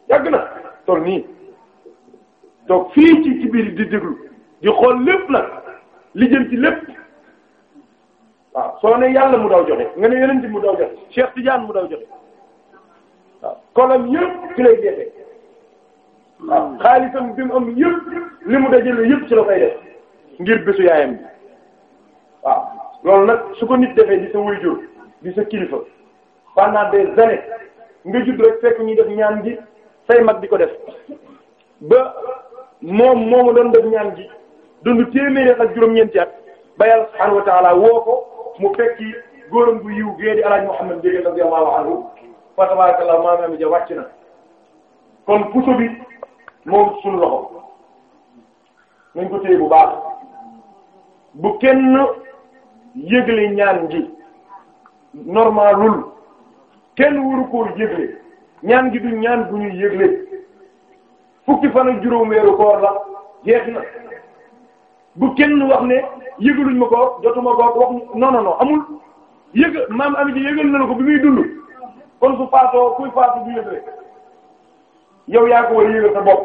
S3: yàgg na toll nii toog fii ci ci biir di déglu di xool lépp nag li jëm ci lépp waaw soo ne yàlla mu daw joxe nga ne yeneen mu daw joxe Cheikh Tidiane mu daw joxe waaw kolam yëpp ci lay jeexee xaalisam bi am yëpp li mu dajale yëpp ci la koy def ngir bésu yaayam bi waaw loolu nag su ko nit defee di sa waajur di sa kilifa pendant des années nga judd rek fekk ñuy def ñaan gi say mag di ko def ba moom moomu doon def ñaan gi dund téeméeri ak juróom-ñeenti at ba yàlla subhaanahu wa woo ko mu fekki góoram bu yiw gée di alaaj Muhammad Ndiéguène radiyallahu anhu fa tabarakallah maanaam ja wàcc na kon puso bi moom suñu loxo nañ ko téye bu baax bu kenn yëgle ñaan gi normalul kenn waru yëgle ñaan gi du ñaan bu ñuy yëgle fukki fan juróom weeru koor la jeex na bu kenn wax ne yëgaluñ ma ko jotuma ko wax non non amul yëga maam ami ji yëgal na ko bi muy dund kon su faatoo kuy faatu du yëgle yow yaa ko war a yëgal sa bopp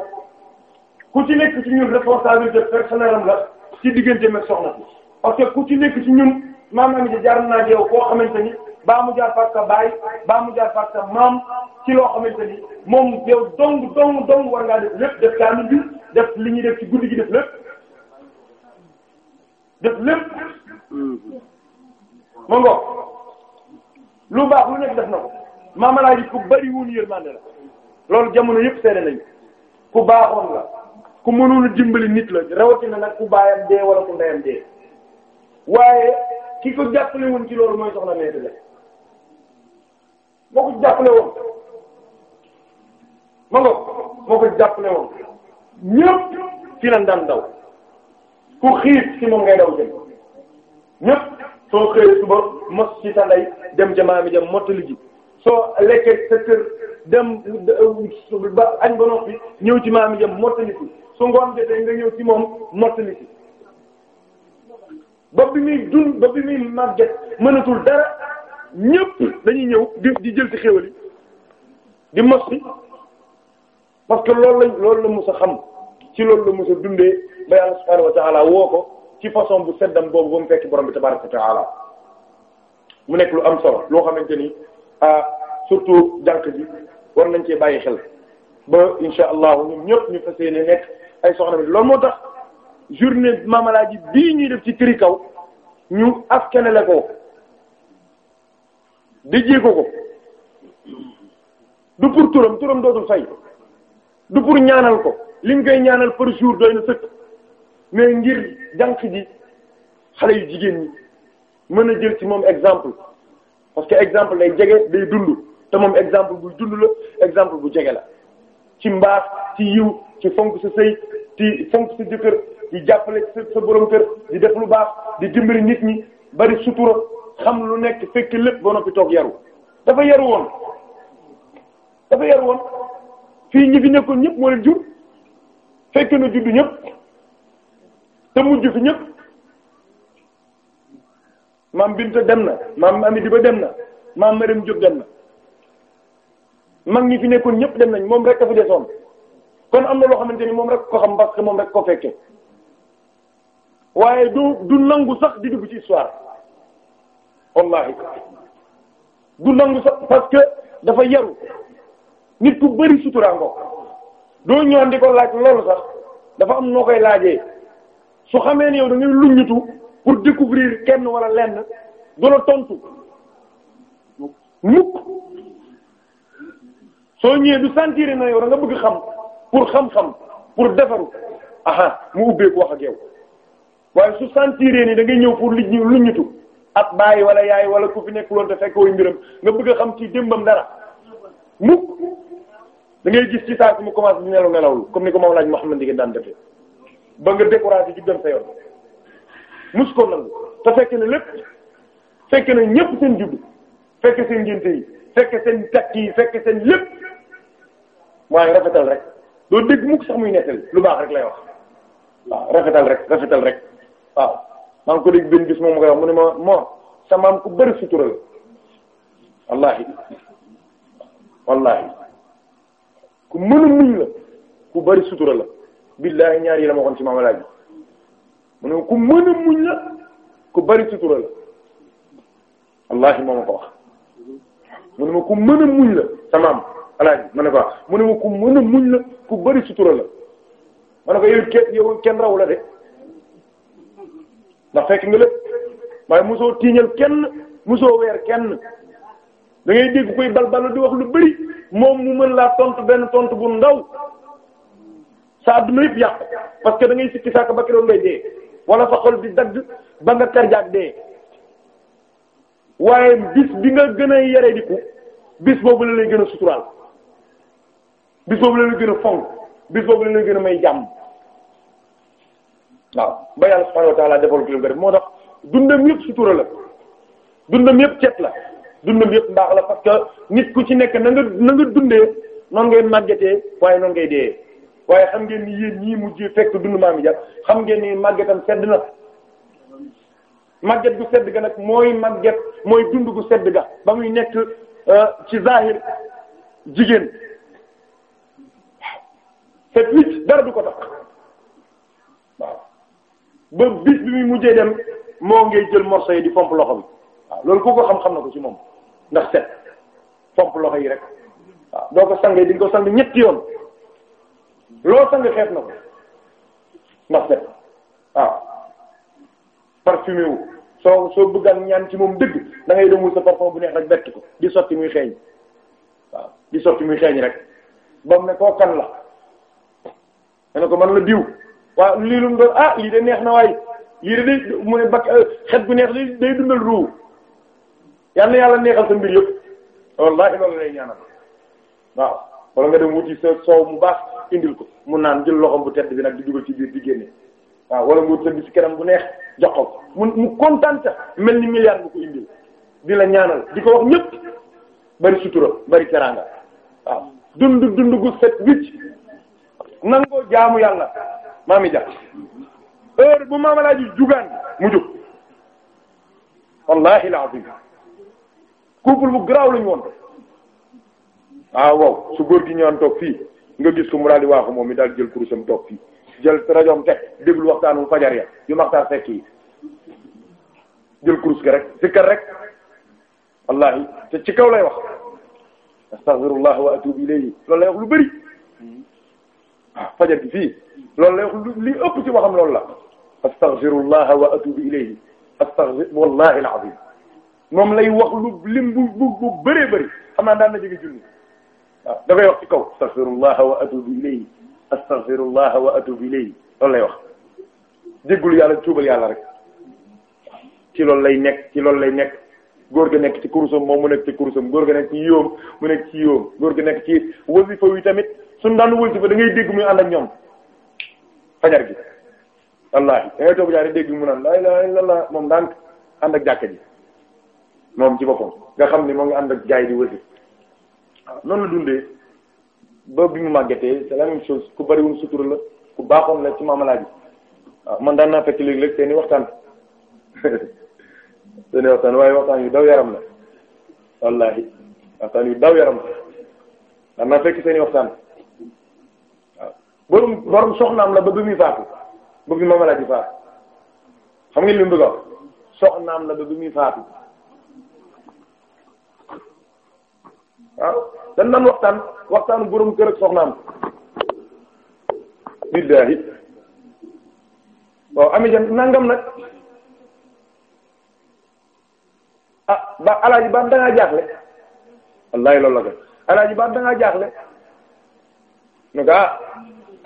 S3: ku ci nekk ci ñun responsabilité personnelle la ci diggante meeg soxna si parce que ku ci nekk ci ñun maam ami ji jaar naa yow koo xamante ni baa mu jaar faat sa baay baa mu jaar faat sa maam ci loo xamante ni moom yow dong dong dong war ngaa def lépp def kaamil bi def li ñu def ci guddi gi def def lépp
S2: mm-hmm. ma
S3: lu baax lu nekk def na ko maamalaa ji ku bari woon yërmande la loolu jamono yëpp seede nañu ku baaxoon la ku mënoon dimbali nit la rawatina nag ku baayam dee wala ku ndeyam dee waaye ki ko jàppale woon ci loolu mooy soxna Maïté la moo ko jàppale woon ma moo ko jàppale woon ñëpp ci lañ daan daw ku xiif ci moom ngay daw jëm ñëpp soo xëyee suba mos ci sa dem ca maami jam mottali soo lekkee sa kër dem ba añ ba noppi ñëw ci maami jam mottali ko su ngoon jotee nga ñëw ci moom mottali ko ba bi muy dund ba bi muy màgget mënatul dara ñëpp dañuy ñëw di di jël ci xéwal yi di mos ci parce que loolu lañ loolu la mos xam ci loolu la mos dundee. ba yàlla subhanahu wa woo ko ci façon bu seddam boobu ba mu fekk borom bi tabaraka wa mu nekk lu am solo loo xamante ni ah, surtout jànq ji war nañ cee bàyyi xel ba insha allah ñun ñëpp ñu fas yéene nekk ay soxna bi loolu moo tax journée mamalaaji bii ñuy def ci këri kaw ñu askanale ko di jéego ko du pour turam turam dootul fay du pour ñaanal ko liñ koy ñaanal par jour doy na sëkk mais ngir jànq ji xale yu jigéen ñi mën a jël ci moom exemple parce que exemple lay jege day dund te moom exemple buy dund la exemple bu jege la ci mbaax ci yiw ci fonk sa sëy ci fonk sa jëkkër di jàppale sa sa borom kër di def lu baax di dimbali nit ñi bari sutura xam lu nekk fekk lépp ba noppi toog yaru dafa yaru woon dafa yaru woon fii ñi nekkoon ñëpp moo leen jur fekk na juddu ñëpp te mujj fi ñëpp maam Binta dem na maam Amady Ba dem na maam Marème Diop dem na mag ñi fi nekkoon ñëpp dem nañ moom rek a desoon kon am na loo xamante ni moom rek ko xam parce que moom rek ko fekkee waaye du du nangu sax di dugg ci histoire wallahi du nangu sax parce que dafa yaru nit ku bari suturaango doo ñëw laaj loolu sax dafa am noo koy laajee. su xamee ne yow da ngay luññutu pour découvrir kenn wala lenn du la tontu mukk soo ñëwee du sentir na yow da nga bëgg xam pour xam-xam pour defaru aha mu ubbeeku wax ak yow waaye su sentir ni da ngay ñëw pour liñ luññutu ab bàyyi wala yaay wala ku fi nekk loon te fekk woy mbiram nga bëgg a xam ci démbam dara mukk da ngay gis ci saa si mu commencé di nelaw nelawlu comme ni ko moom laaj Mouhamed Ndieguène daan defee. ba nga découragé ci dem sa yoon mus ko nangu te fekk na lépp fekk na ñépp seen jublu fekk seen ngénte yi fekk seen takk yi fekk seen lépp waaye rafetal rek doo dégg mukk sax muy nettali lu baax rek lay wax rafetal rek rafetal rek waaw maa ko dégg benn gis moom ma koy wax mu ne ma moo sama am ku bëri sutura la wallahi wallahi ku mën a muñ la ku bëri sutura la billahi ñaar la ma waxoon ci maamalaaj bi mu ne ku mën a muñ la ku bari sutura la wallahi moo ma wax mu ne ma ku mën a muñ la sama am alaaji ma ne ko wax mu ne ma ku mën a muñ la ku bari sutura la ma ne ko yow kenn raw la de ndax fekk nga lépp waaye mosoo tiiñal kenn mosoo weer kenn da dégg koy balbal di wax lu bari moom mu mën laa tontu benn tontu bu ndaw saa adduna yëpp yàqu parce que da ngay sikki saaka ba kiroon ngay dee wala sa xol bi dagg ba nga karjaak dee waaye bis bi nga gën a yare diku bis boobu la lay gën a suturaal bis boobu la lay gën a fonk bis gën a may jàmm waaw ba yàlla subhanahu wa ta'ala defal ko def moo tax dundam yëpp sutura la dundam yëpp cet la dundam yëpp mbaax la parce que nit ku ci nekk na nga na nga dundee noonu ngay màggetee waaye noonu ngay dee. waaye xam ngeen ni yéen ñii mujj fekk dund maam yi xam ngeen ni màggetam sedd na màgget gu sedd ga nag mooy màgget mooy dund gu sedd ga ba muy nekk euh, ci zahir jigéen set wicc dara du ko tax waaw ba bis bi muy mujjee dem moo ngay jël morso yi di pompe loxo bi waaw loolu ku ko xam-xam na ko ci moom ndax set pompe loxo yi rek waaw doo ko sangee di nga ko sang ñetti yoon loo sang xeet na ko ndax set waaw parfumé soo soo bëgg ñaan ci moom dëgg da ngay demul sa parfum bu neex rek bett ko di sotti muy xeeñ waaw di sotti muy xeeñ rek ba mu ne koo kan la ne ko man la diw waaw lii lu mu doon ah lii de neex na waay lii de day mu ne bakk euh, xet bu neex li day dundal ruu yal yàlla neexal sa mbir yëpp wallahi loolu lay ñaanal waaw wala nga dem wuti sa soow mu baax indil ko mu naan jël loxom bu tedd bi nag di dugal ci biir di génne waaw wala nga tëdd ci kenam bu neex jox ko mu mu kontaan mel ni milliard bu ko indil di la ñaanal di ko wax ñëpp bari sutura bari teranga waaw dund dund gu set wicc nangoo jaamu yàlla mi ja heure bu maamalaaji jugaan mu jóg wallahi alazim couple bu garaaw lañu woon ah wow su góor gi ñëwaan toog fii nga gis ko mu daal di waaxu moom mi daal jël kurusam toog fii jël rajoom teg déglu waxtaanu fajar ya yu maxtaar fekk yi jël kurus gi rek sikkar rek wallahi te ci kaw lay wax astaghfirullah wa atubu ilayhi loolu lay lu bëri waaw ah, fajar gi fii loolu lay wax li ëpp ci waxam loolu la astaghfirullah wa atubu ilayhi astaghfir wallahi alazim moom lay wax lu lim bu bu bëree junni waaw da ngay wax ci kaw astaghfirullah wa atubu ilayhi astaghfirullah wa atubu ilayhi loolu lay wax jéggul yàlla tuubal yàlla rek ci loolu lay nekk ci loolu lay nekk góor ga nekk ci kurusam moom mu nekk ci kurusam góor ga nekk ci yóom mu nekk ci yóom góor ga nekk ci wasifa yi tamit suñu daan wasifa da ngay dégg muy ànd ak ñoom fajar gi wallaahi da ngay toog jaaree dégg mu naan la ilaha illallah moom daan ànd ak jàkka ji moom ci boppam nga xam ni moo ngi ànd ak jaay di wasif noonu la dundee ba bi mu màggetee c'est la ku bariwul sutura la ku baaxoon la ci maamalaay bi waaw ah, man daan naa fekk léeg-léeg seeni waxtaan [LAUGHS] seeni waxtaan waaye waxtaan yu daw yaram la wallahi waxtaan yu daw yaram la daan naa fekk seeni waxtaan waaw ah, borom borom soxnaam la ba bi muy faatu ba bi maamalaay bi faatu xam ngeen li mu bëgg a wax soxnaam la ba bi muy faatu ah dañ nan waxtaan waxtaanu borom kër ak soxnaam billahi waaw ami jant nangam nag ah ba alaaji ba da ngaa jaaxle wallaahi loolu la ko alaaji ba da ngaa nu ko ah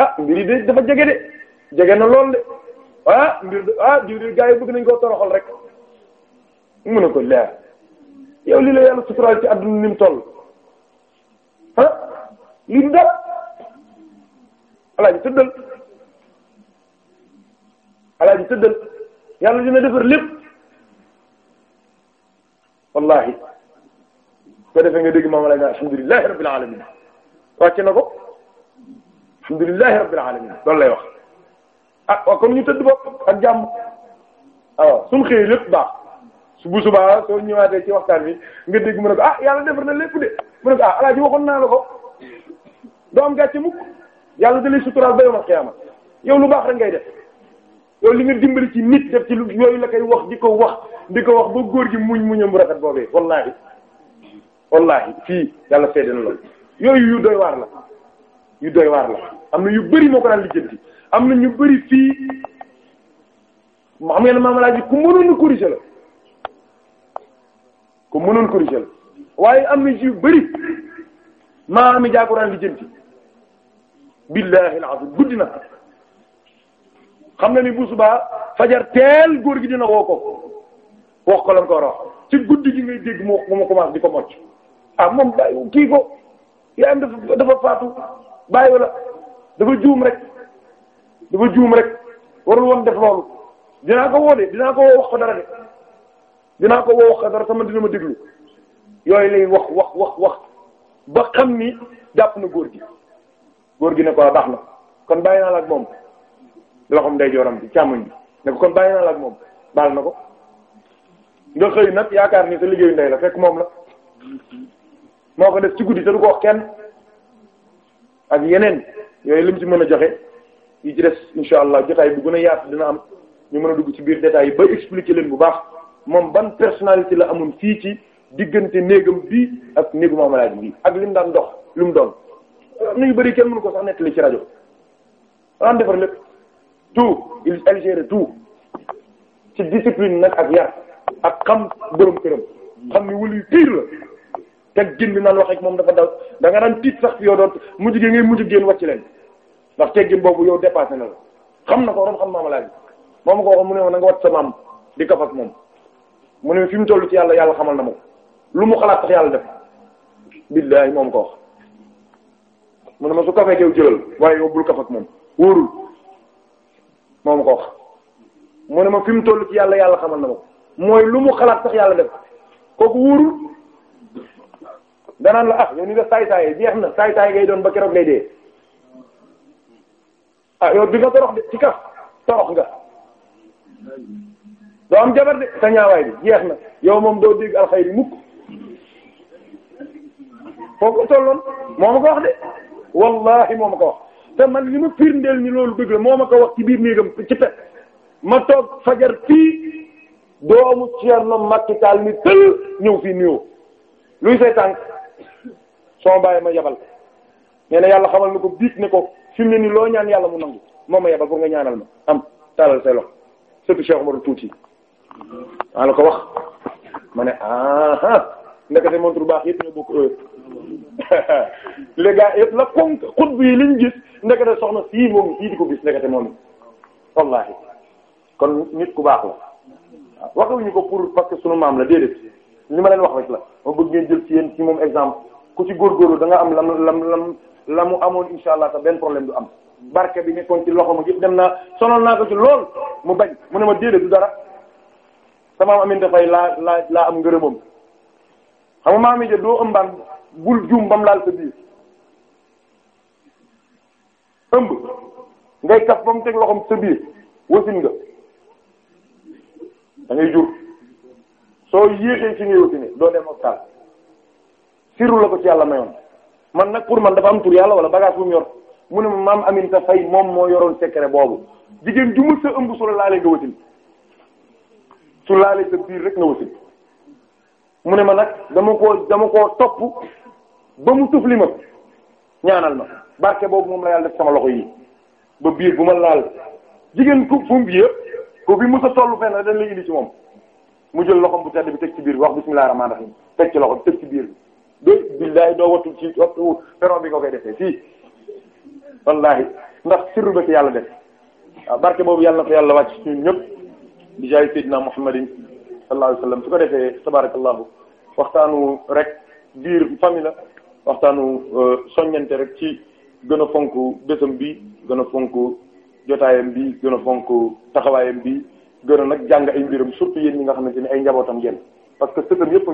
S3: ah mbiri de dafa jege de jege na lool de ah mbir de ah diw de gaa yi bëgg nañ koo toroxal rek mu ne ko leer yow li la yàlla ah lii du dara alaaji tëddal alaaji tëddal yàlla dina defar lépp wallahi ko defee nga dégg maam alaaji naan alhamdulilahi rabbil alamin wàcc na ko alhamdulilahi rabbil alamin loolu lay wax ah waaw tëdd bopp ak jàmm ah, waaw suñu xëyee lépp bu subaa soo ñëwaatee ci waxtaan wi nga dégg mu ne ko ah yàlla defar na lépp de mu ne ko ah alaaji waxoon naa la ko doo am gàcce mukk yàlla da lay suturaal ba yawmal qiyaama yow lu baax rek ngay def yow li nga dimbali ci nit def ci lu la koy wax di ko wax di ko wax ba góor gi muñ muñam bu rafet boobee wallaahi wallaahi fii yàlla seede na loolu yooyu yu doy waar la yu doy waar la am na yu bëri moo ko daan lijjanti am na ñu bëri fii xam ngeen maam alaaji ku a corriger la ko mënoon corriger la waaye am na yu bëri maa ami jaakuraan li jënti billahi alazim guddi na xam na ni bu subaa fajar teel góor gi dina woo ko wax ko la ko guddi gi ngay dégg mu mu commencé di ko mocc ah moom bàyyi kii ko yaa dafa dafa faatu bàyyi wala dafa juum rek dafa juum rek warul woon def loolu dinaa ko woo de dinaa ko wax ko dara de dinaa ko woo xadara sama dina ma déglu yooyu lay wax wax wax wax ba xam ni jàpp na góor gi góor gi ne ko ah, baax na kon bàyyi naa la ak moom loxoom day jooram bi càmmoñ bi ne ko kon bàyyi naa la ak moom baal na ko nga xëy nag yaakaar ni sa liggéeyu ndey la fekk moom la moo ko def ci guddi te du ko wax kenn ak yeneen yooyu lim ci mën a joxe yi ci des insha allah jotaay bu gën a yaatu dina am ñu mën a dugg ci biir détails yi ba expliquer leen bu baax moom ban personnalité la amoon fii ci diggante néegam bii ak néegu maamalaaj bi ak li mu daan dox lu mu doon ñu bëri kenn mënu ko sax nettali ci rajo daan defar lépp tout il elle gère tout ci discipline nag ak yar ak xam borom këram xam ni wuluy piir la teg génn naan wax ak moom dafa daw da nga daan tiit sax fi yow doon mujj gi ngay mujj génn wàcc leen ndax teggin boobu yow dépassé na la xam na ko waroon xam maamalaaj bi moom ko waxoon mu ne woon na moom mu ne fi mu toll ci yàlla yàlla xamal na moom lu mu xalaat tax yàlla def billaahi moom ko wax mu ne ma su kafeek yow jëlal waaye yow bul kaf ak moom wóorul moom ko wax mu ma fi mu toll ci yàlla yàlla xamal na moom mooy lu mu xalaat sax yàlla def kooku wóorul danaan la ah yow ni nga saay saay jeex na saay saay ngay doon ba keroog ngay dee ah yow bi nga torox de ci kaf torox nga doo am jabar de sa ñaawaay bi jeex na yow moom doo dégg alxayri mukk foofu moo ma ko wax de wallahi moo ma ko wax te man li ma firndeel ni loolu dëgg la moo ma ko wax ci biir néegam ci pet ma toog fajar fii doomu Ceerno Makki Taal ni tël ñëw fii nuyoo luy say tànk soo bàyyi ma yabal nee na yàlla xamal na ko biig ne ko fi mu ne nii loo ñaan yàlla mu nangu moo ma yabal pour nga ñaanal ma am taalal say loxo sëtu Cheikh Omar Tuuti maa la ko wax ma ne ah ndekete montre baax yëpp ñoo bokk heure [LAUGHS] les gars yëpp la kon xutb yi liñ gis ndekete soxna sii moom sii di ko gis ndekete moom wallahi kon nit ku baax la waaw waxuñu ko pour parce que sunu maam la déedéet li ma leen wax rek la ma bëgg ngeen jël ci yéen ci moom exemple ku ci góorgóorlu da nga am lam la lam la mu amoon insha allah sax benn problème du am barke bi nekkoon ci loxo ma yëpp dem naa sonal naa ko ci lool mu bañ mu ne ma déedéet du dara sama amin dafay laa laa laa am ngërëmam xam nga maam ja doo ëmbaan bul juum bam laal soo yéexee ci ngay wasine doo dem nag pour man dafa am yàlla wala bagage bu mu yor mu ne ma Aminta Faye moom moo yoroon secret boobu jigéen ju mës sa ëmb solo laalee nga wasin su laalee sa biir rek nga wasin mu ne ma nag dama koo dama ko topp ba mu tufli ma ñaanal ma barke boobu moom la yàlla def sama loxo yi ba biir bu ma laal jigéen ku fu mu yëpp ko fi musa tollu fenn dañ lay indi ci moom mu jël loxom bu tedd bi teg ci biir bi wax bismillahir rahmanir rahim teg ci loxo bi teg ci biir bi dé billaay doo wattu ci wattu feron bi nga koy defee fii wallahi ndax sirru ba ci yàlla def barke boobu yàlla na ko yàlla wàcc ñun ñëpp bi jaay sayyidina muhammadin sallallahu alayhi wasallam su ko defee tabarakallahu waxtaanu rek biir famille la waxtaanu euh, soññante rek ci gën a fonk bésam bi gën a fonk jotaayam bi gën a fonk taxawaayam bi gën a nag jàng ay mbiram surtout yéen ñi nga xamante ni ay njabootam ngeen parce que sëtam yëpp a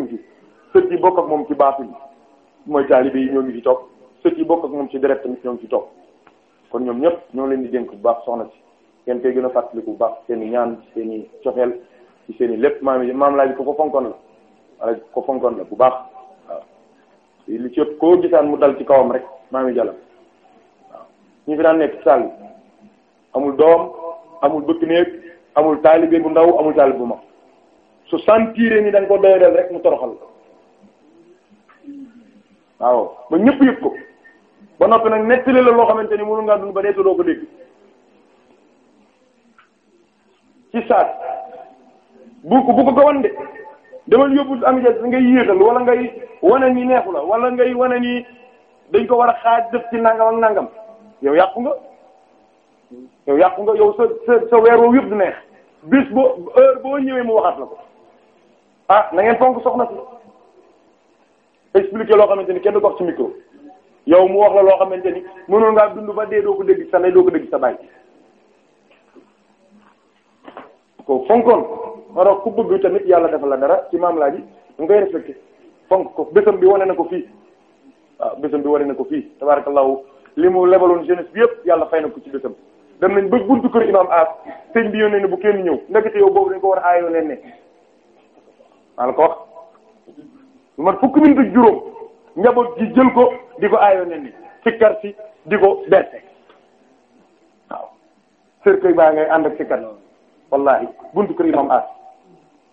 S3: sët yi bokk ak moom ci baaxul mooy taalibe yi ñoo ngi fi toog sët yi bokk ak moom ci deret tamit ñoo ngi kon ñoom ñëpp ñoo leen di dénk bu baax soxna ci ngeen koy gën a fàttaliku bu baax seeni ñaan seeni i ci seen i lépp maam yi maam laaj ko ko fonkoon la wala ko fonkoon la bu baax waaw li ci ëpp koo gisaan mu dal ci kawam rek maam yi jàllam waaw ñu fi daan nekk saal amul doom amul bëkk néeg amul taalibe bu ndaw amul taalib bu mag su sentir ni dañ ko doyadal rek mu toroxal waaw ba ñëpp yëpp ko ba noppi nag nettali la loo xamante ni mënu ngaa dund ba dee ko dégg ci saat bu ko bu ko ko de demal yóbbu am ja ngay yéexal wala ngay wane ni neexu la wala ngay wane ni dañ ko war a xaaj def ci nangam ak nangam yow yàqu nga yow yàqu nga yow sa sa sa weer woowu yëpp du neex bis boo heure boo ñëwee mu waxaat la ko ah na ngeen fonk soxna si expliquer loo xamante ni kenn du ko wax ci micro yow mu wax la loo xamante ni mënoon ngaa dund ba dee doo ko dégg sa ndey doo ko dégg sa baay ko fonkoon moo tax ku bëgg tamit yàlla defal la dara ci maam laa ji nga koy respecté fonk ko bésam bi wane na ko fii waaw bésam bi wane na ko fii tabarakallahu li mu lebaloon jeunesse bi yëpp yàlla fay na ko ci bésam dem nañ ba buntu kër imam aas sëñ bi yónnee ne bu kenn ñëw ndekete yow boobu dañ ko war a aayoo leen la ko wax lu mat fukki ak juróom njaboot ji jël ko di ko aayoo leen ne sikkar si di ko berse waaw sër koy baa ngay ànd ak sikkar wallahi buntu kër imam as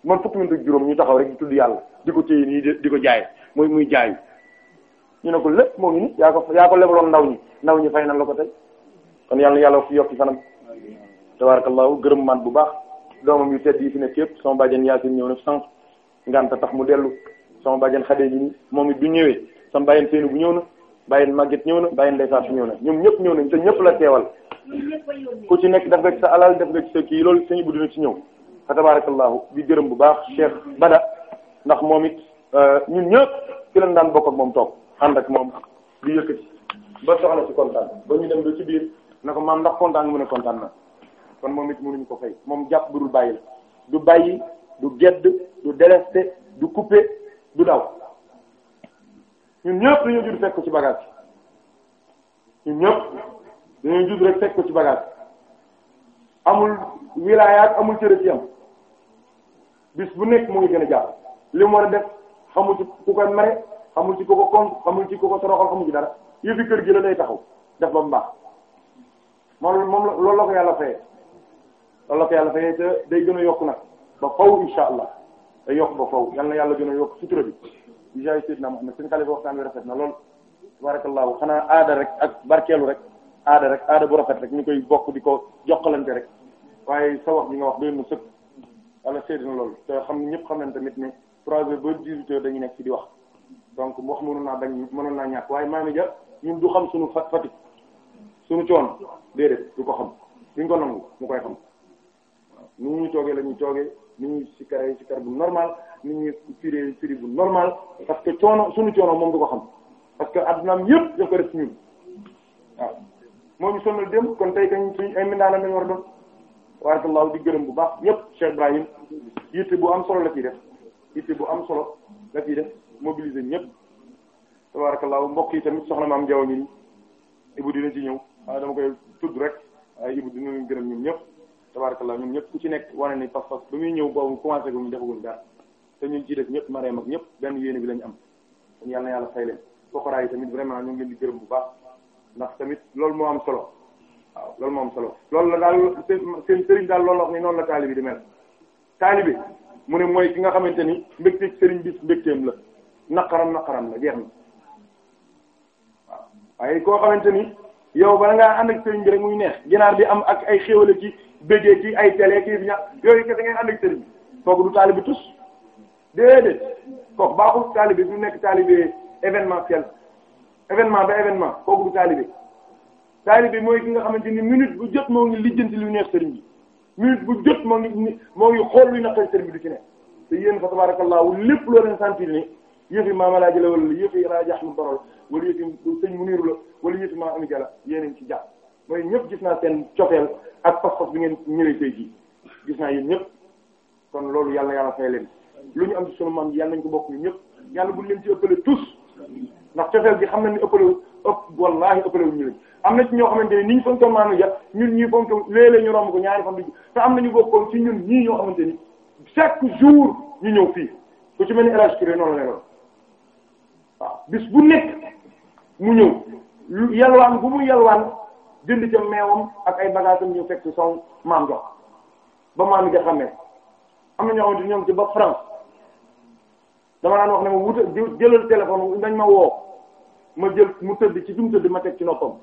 S3: man fukki minute juróom ñu taxaw rek di yàlla di ko téye nii di ko jaay muy muy jaay ñu ne ko lépp moo ngi ni yaa ko yaa ndaw ñi ndaw ñi fay na la ko tey kon yàlla yàlla fi yokki fanam tabarakallahu gërëm man bu baax doomam yu set yi fi nekk yëpp sama bàjjen Yaasin ñëw na sànq nganta tax mu dellu sama bàjjen xade yi nii moom it bu ñëwee sama bàjjen seeni bu ñëw na bàyyil màgget ñëw na bàyyil ndeysaatu ñëw na ñoom ñëpp ñëw nañ te ñëpp la teewal ku ci nekk def nga ci sa alal def nga ci sa kii loolu sëñ bu dina ci ñëw fa tabarakallahu bi gërëm bu baax Cheikh Bada ndax moom it euh, ñun ñëpp ci lañ daan bokk ak moom toog ànd ak moom di yëkkati ba soxna si kontaan ba ñu dem ba ci biir na ko maam ndax kontaan mu ne kontaan na kon moom it mënuñu ko fay moom jàpp bu dul bàyyi du bàyyi du gedd du délesté du coupé ñun ñëpp dañoo judd fekk ko ci bagage ñun ñëpp dañoo judd rek fekk ko ci bagage amul wilaayaat amul cër ci am bis bu nekk mu ngi gën a jàpp li mu a def xamul ci ku ko mere xamul ci ko ko toroxal xamul ci dara yëfi kër gi la day taxaw def ba mu moom moom loolu la ko yàlla fayee loolu la ko yàlla fayee te day gën a yokk nag ba faw insha allah day yokk ba faw yal yàlla gën a yokk sutura bi bi jaay Seydina Muhammad seen xale bi waxtaan rafet na lool tabarakallahu xanaa aada rek ak barkeelu rek aada rek aada bu rafet rek ñu koy bokk di ko rek waaye sa wax nga wax doy na sëkk na loolu te xam xam nañ tamit ne trois heures ba dix-huit heures dañuy nekk ci di wax donc wax mënoon naa bañ mënoon naa ñàkk waaye maami ja ñun du xam suñu fa Fatick suñu coon déedéet du ko xam duñ ko nangu mu xam waaw ni ñu toogee la ñuy toogee ni ñuy sikkaree sikkar bu normal ni ñuy firi firi bu normal parce que coono suñu coono moom du ko xam parce que addunaam yëpp da ko def ñun waaw moom ñu sonal kon tey kañ suñ ay mindaanam war a doon waarakallaahu di gërëm bu baax ñëpp Cheikh Ibrahim yitte bu am solo la ciy def bu am solo la ciy def mobiliser ñëpp tabaarakallaahu mbokk yi tamit soxna maam Jaw ñi Ibu dina ci ñëw waaye ah, dama koy tudd rek waaye ah, Ibu dina leen gërëm ñun ñëpp tabaarakallaahu ñun ñëpp ku ci nekk wane ni pas-pas ba muy ñëw boobu commencé ko ñu defagul dara te ñun ci def ñëpp mareem ñëpp benn yéene bi lañu am yàlla na yàlla fay ñu ngi leen di bu baax ndax tamit loolu moo am solo waaw loolu moo am loolu la daal seen sëriñ daal loolu wax ni noonu la di mel taalibi mu ne mooy ki nga xamante ni mbégteeg sëriñ bi la naqaram naqaram la jeex na waaw koo xamante ni yow bala ngaa ànd ak sëriñ bi rek muy neex ginaar bi am ak ay la ci béggee ci ay télé kii bi ñax yooyu kese ngeen ànd ak sëriñ bi kooku du taalibi tus déedéet kooku baaxul bi du nekk taalibe événementiel événement ba événement kooku du taalibe taalibe mooy ki nga xamante ni minute bu jot moo ngi lijjanti lu neex sëriñ bi minute bu jot moo ngi moo ngi xool luy naqari sëriñ bi du ci nekk te yéen fa tabarakallahu lépp loo leen sentir ni yëfi maama laa jëla wala yëfi laa jaxlu borol wala yëfi sëñ mu niiru la wala yëfi maa ami jala yéen ci mooy ñëpp gis naa seen cofeel ak pas-pas bi ngeen ñëwee tey jii gis naa loolu yàlla yàlla lu ñu am ci sunu maam yàlla nañ ko bokk ñu ñëpp yàlla buñ leen ci ëppale tous ndax cofeel gi xam nañ ne ëpp wallaahi ëppale wu ñu leen am na ci ñoo xamante ni niñ fonkoon maanu ja ñun ñii fonk ñu romb ko ñaari fan bi am nañu bokkoon ci ñun ñii ñoo xamante ni chaque jour ñu ñëw fii ku ci mel ni érage curé noonu la meloon waaw bis bu nekk mu ñëw yalwaan bu mu yalwaan jënd ca meewam ak ay bagages am ñu fekk son maam jox ba maam ja am na ñoo xamante ñoom ci ba France dama daan wax ne ma wuta jëlal téléphone nañ ma woo ma jël mu tëdd ci jum tëdd ma teg ci noppam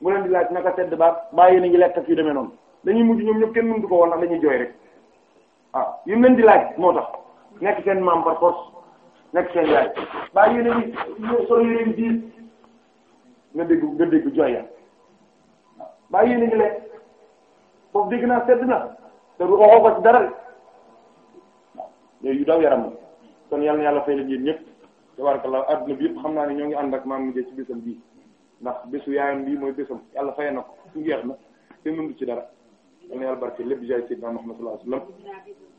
S3: mu leen di laaj a tedd ba bàyyi nañu lekk ak yu demee noonu dañuy mujj ñoom ñëpp kenn mëntu ko woon ndax dañuy jooy rek waaw yu mu leen di laaj moo tax nekk seen maam par force nekk seen yaay bàyyi nañu solo leen diis nga dégg nga dégg jooy ya waaw bàyyi nañu lekk foofu dégg naa sedd na te waxoo ko ci dara waaw yu daw yaram moom. kon yàlla na yàlla fay leen yéen ñëpp tabarakallah adduna bi yëpp xam naa ne ñoo ngi ànd ak maam mujjee ci bésam bi ndax bésu yaayam bii mooy bésam yàlla fay na ko su ngeex na te mënut ci dara yal na yàlla barke lépp jaay Seydina Muhammad sallallahu alayhi
S5: wasallam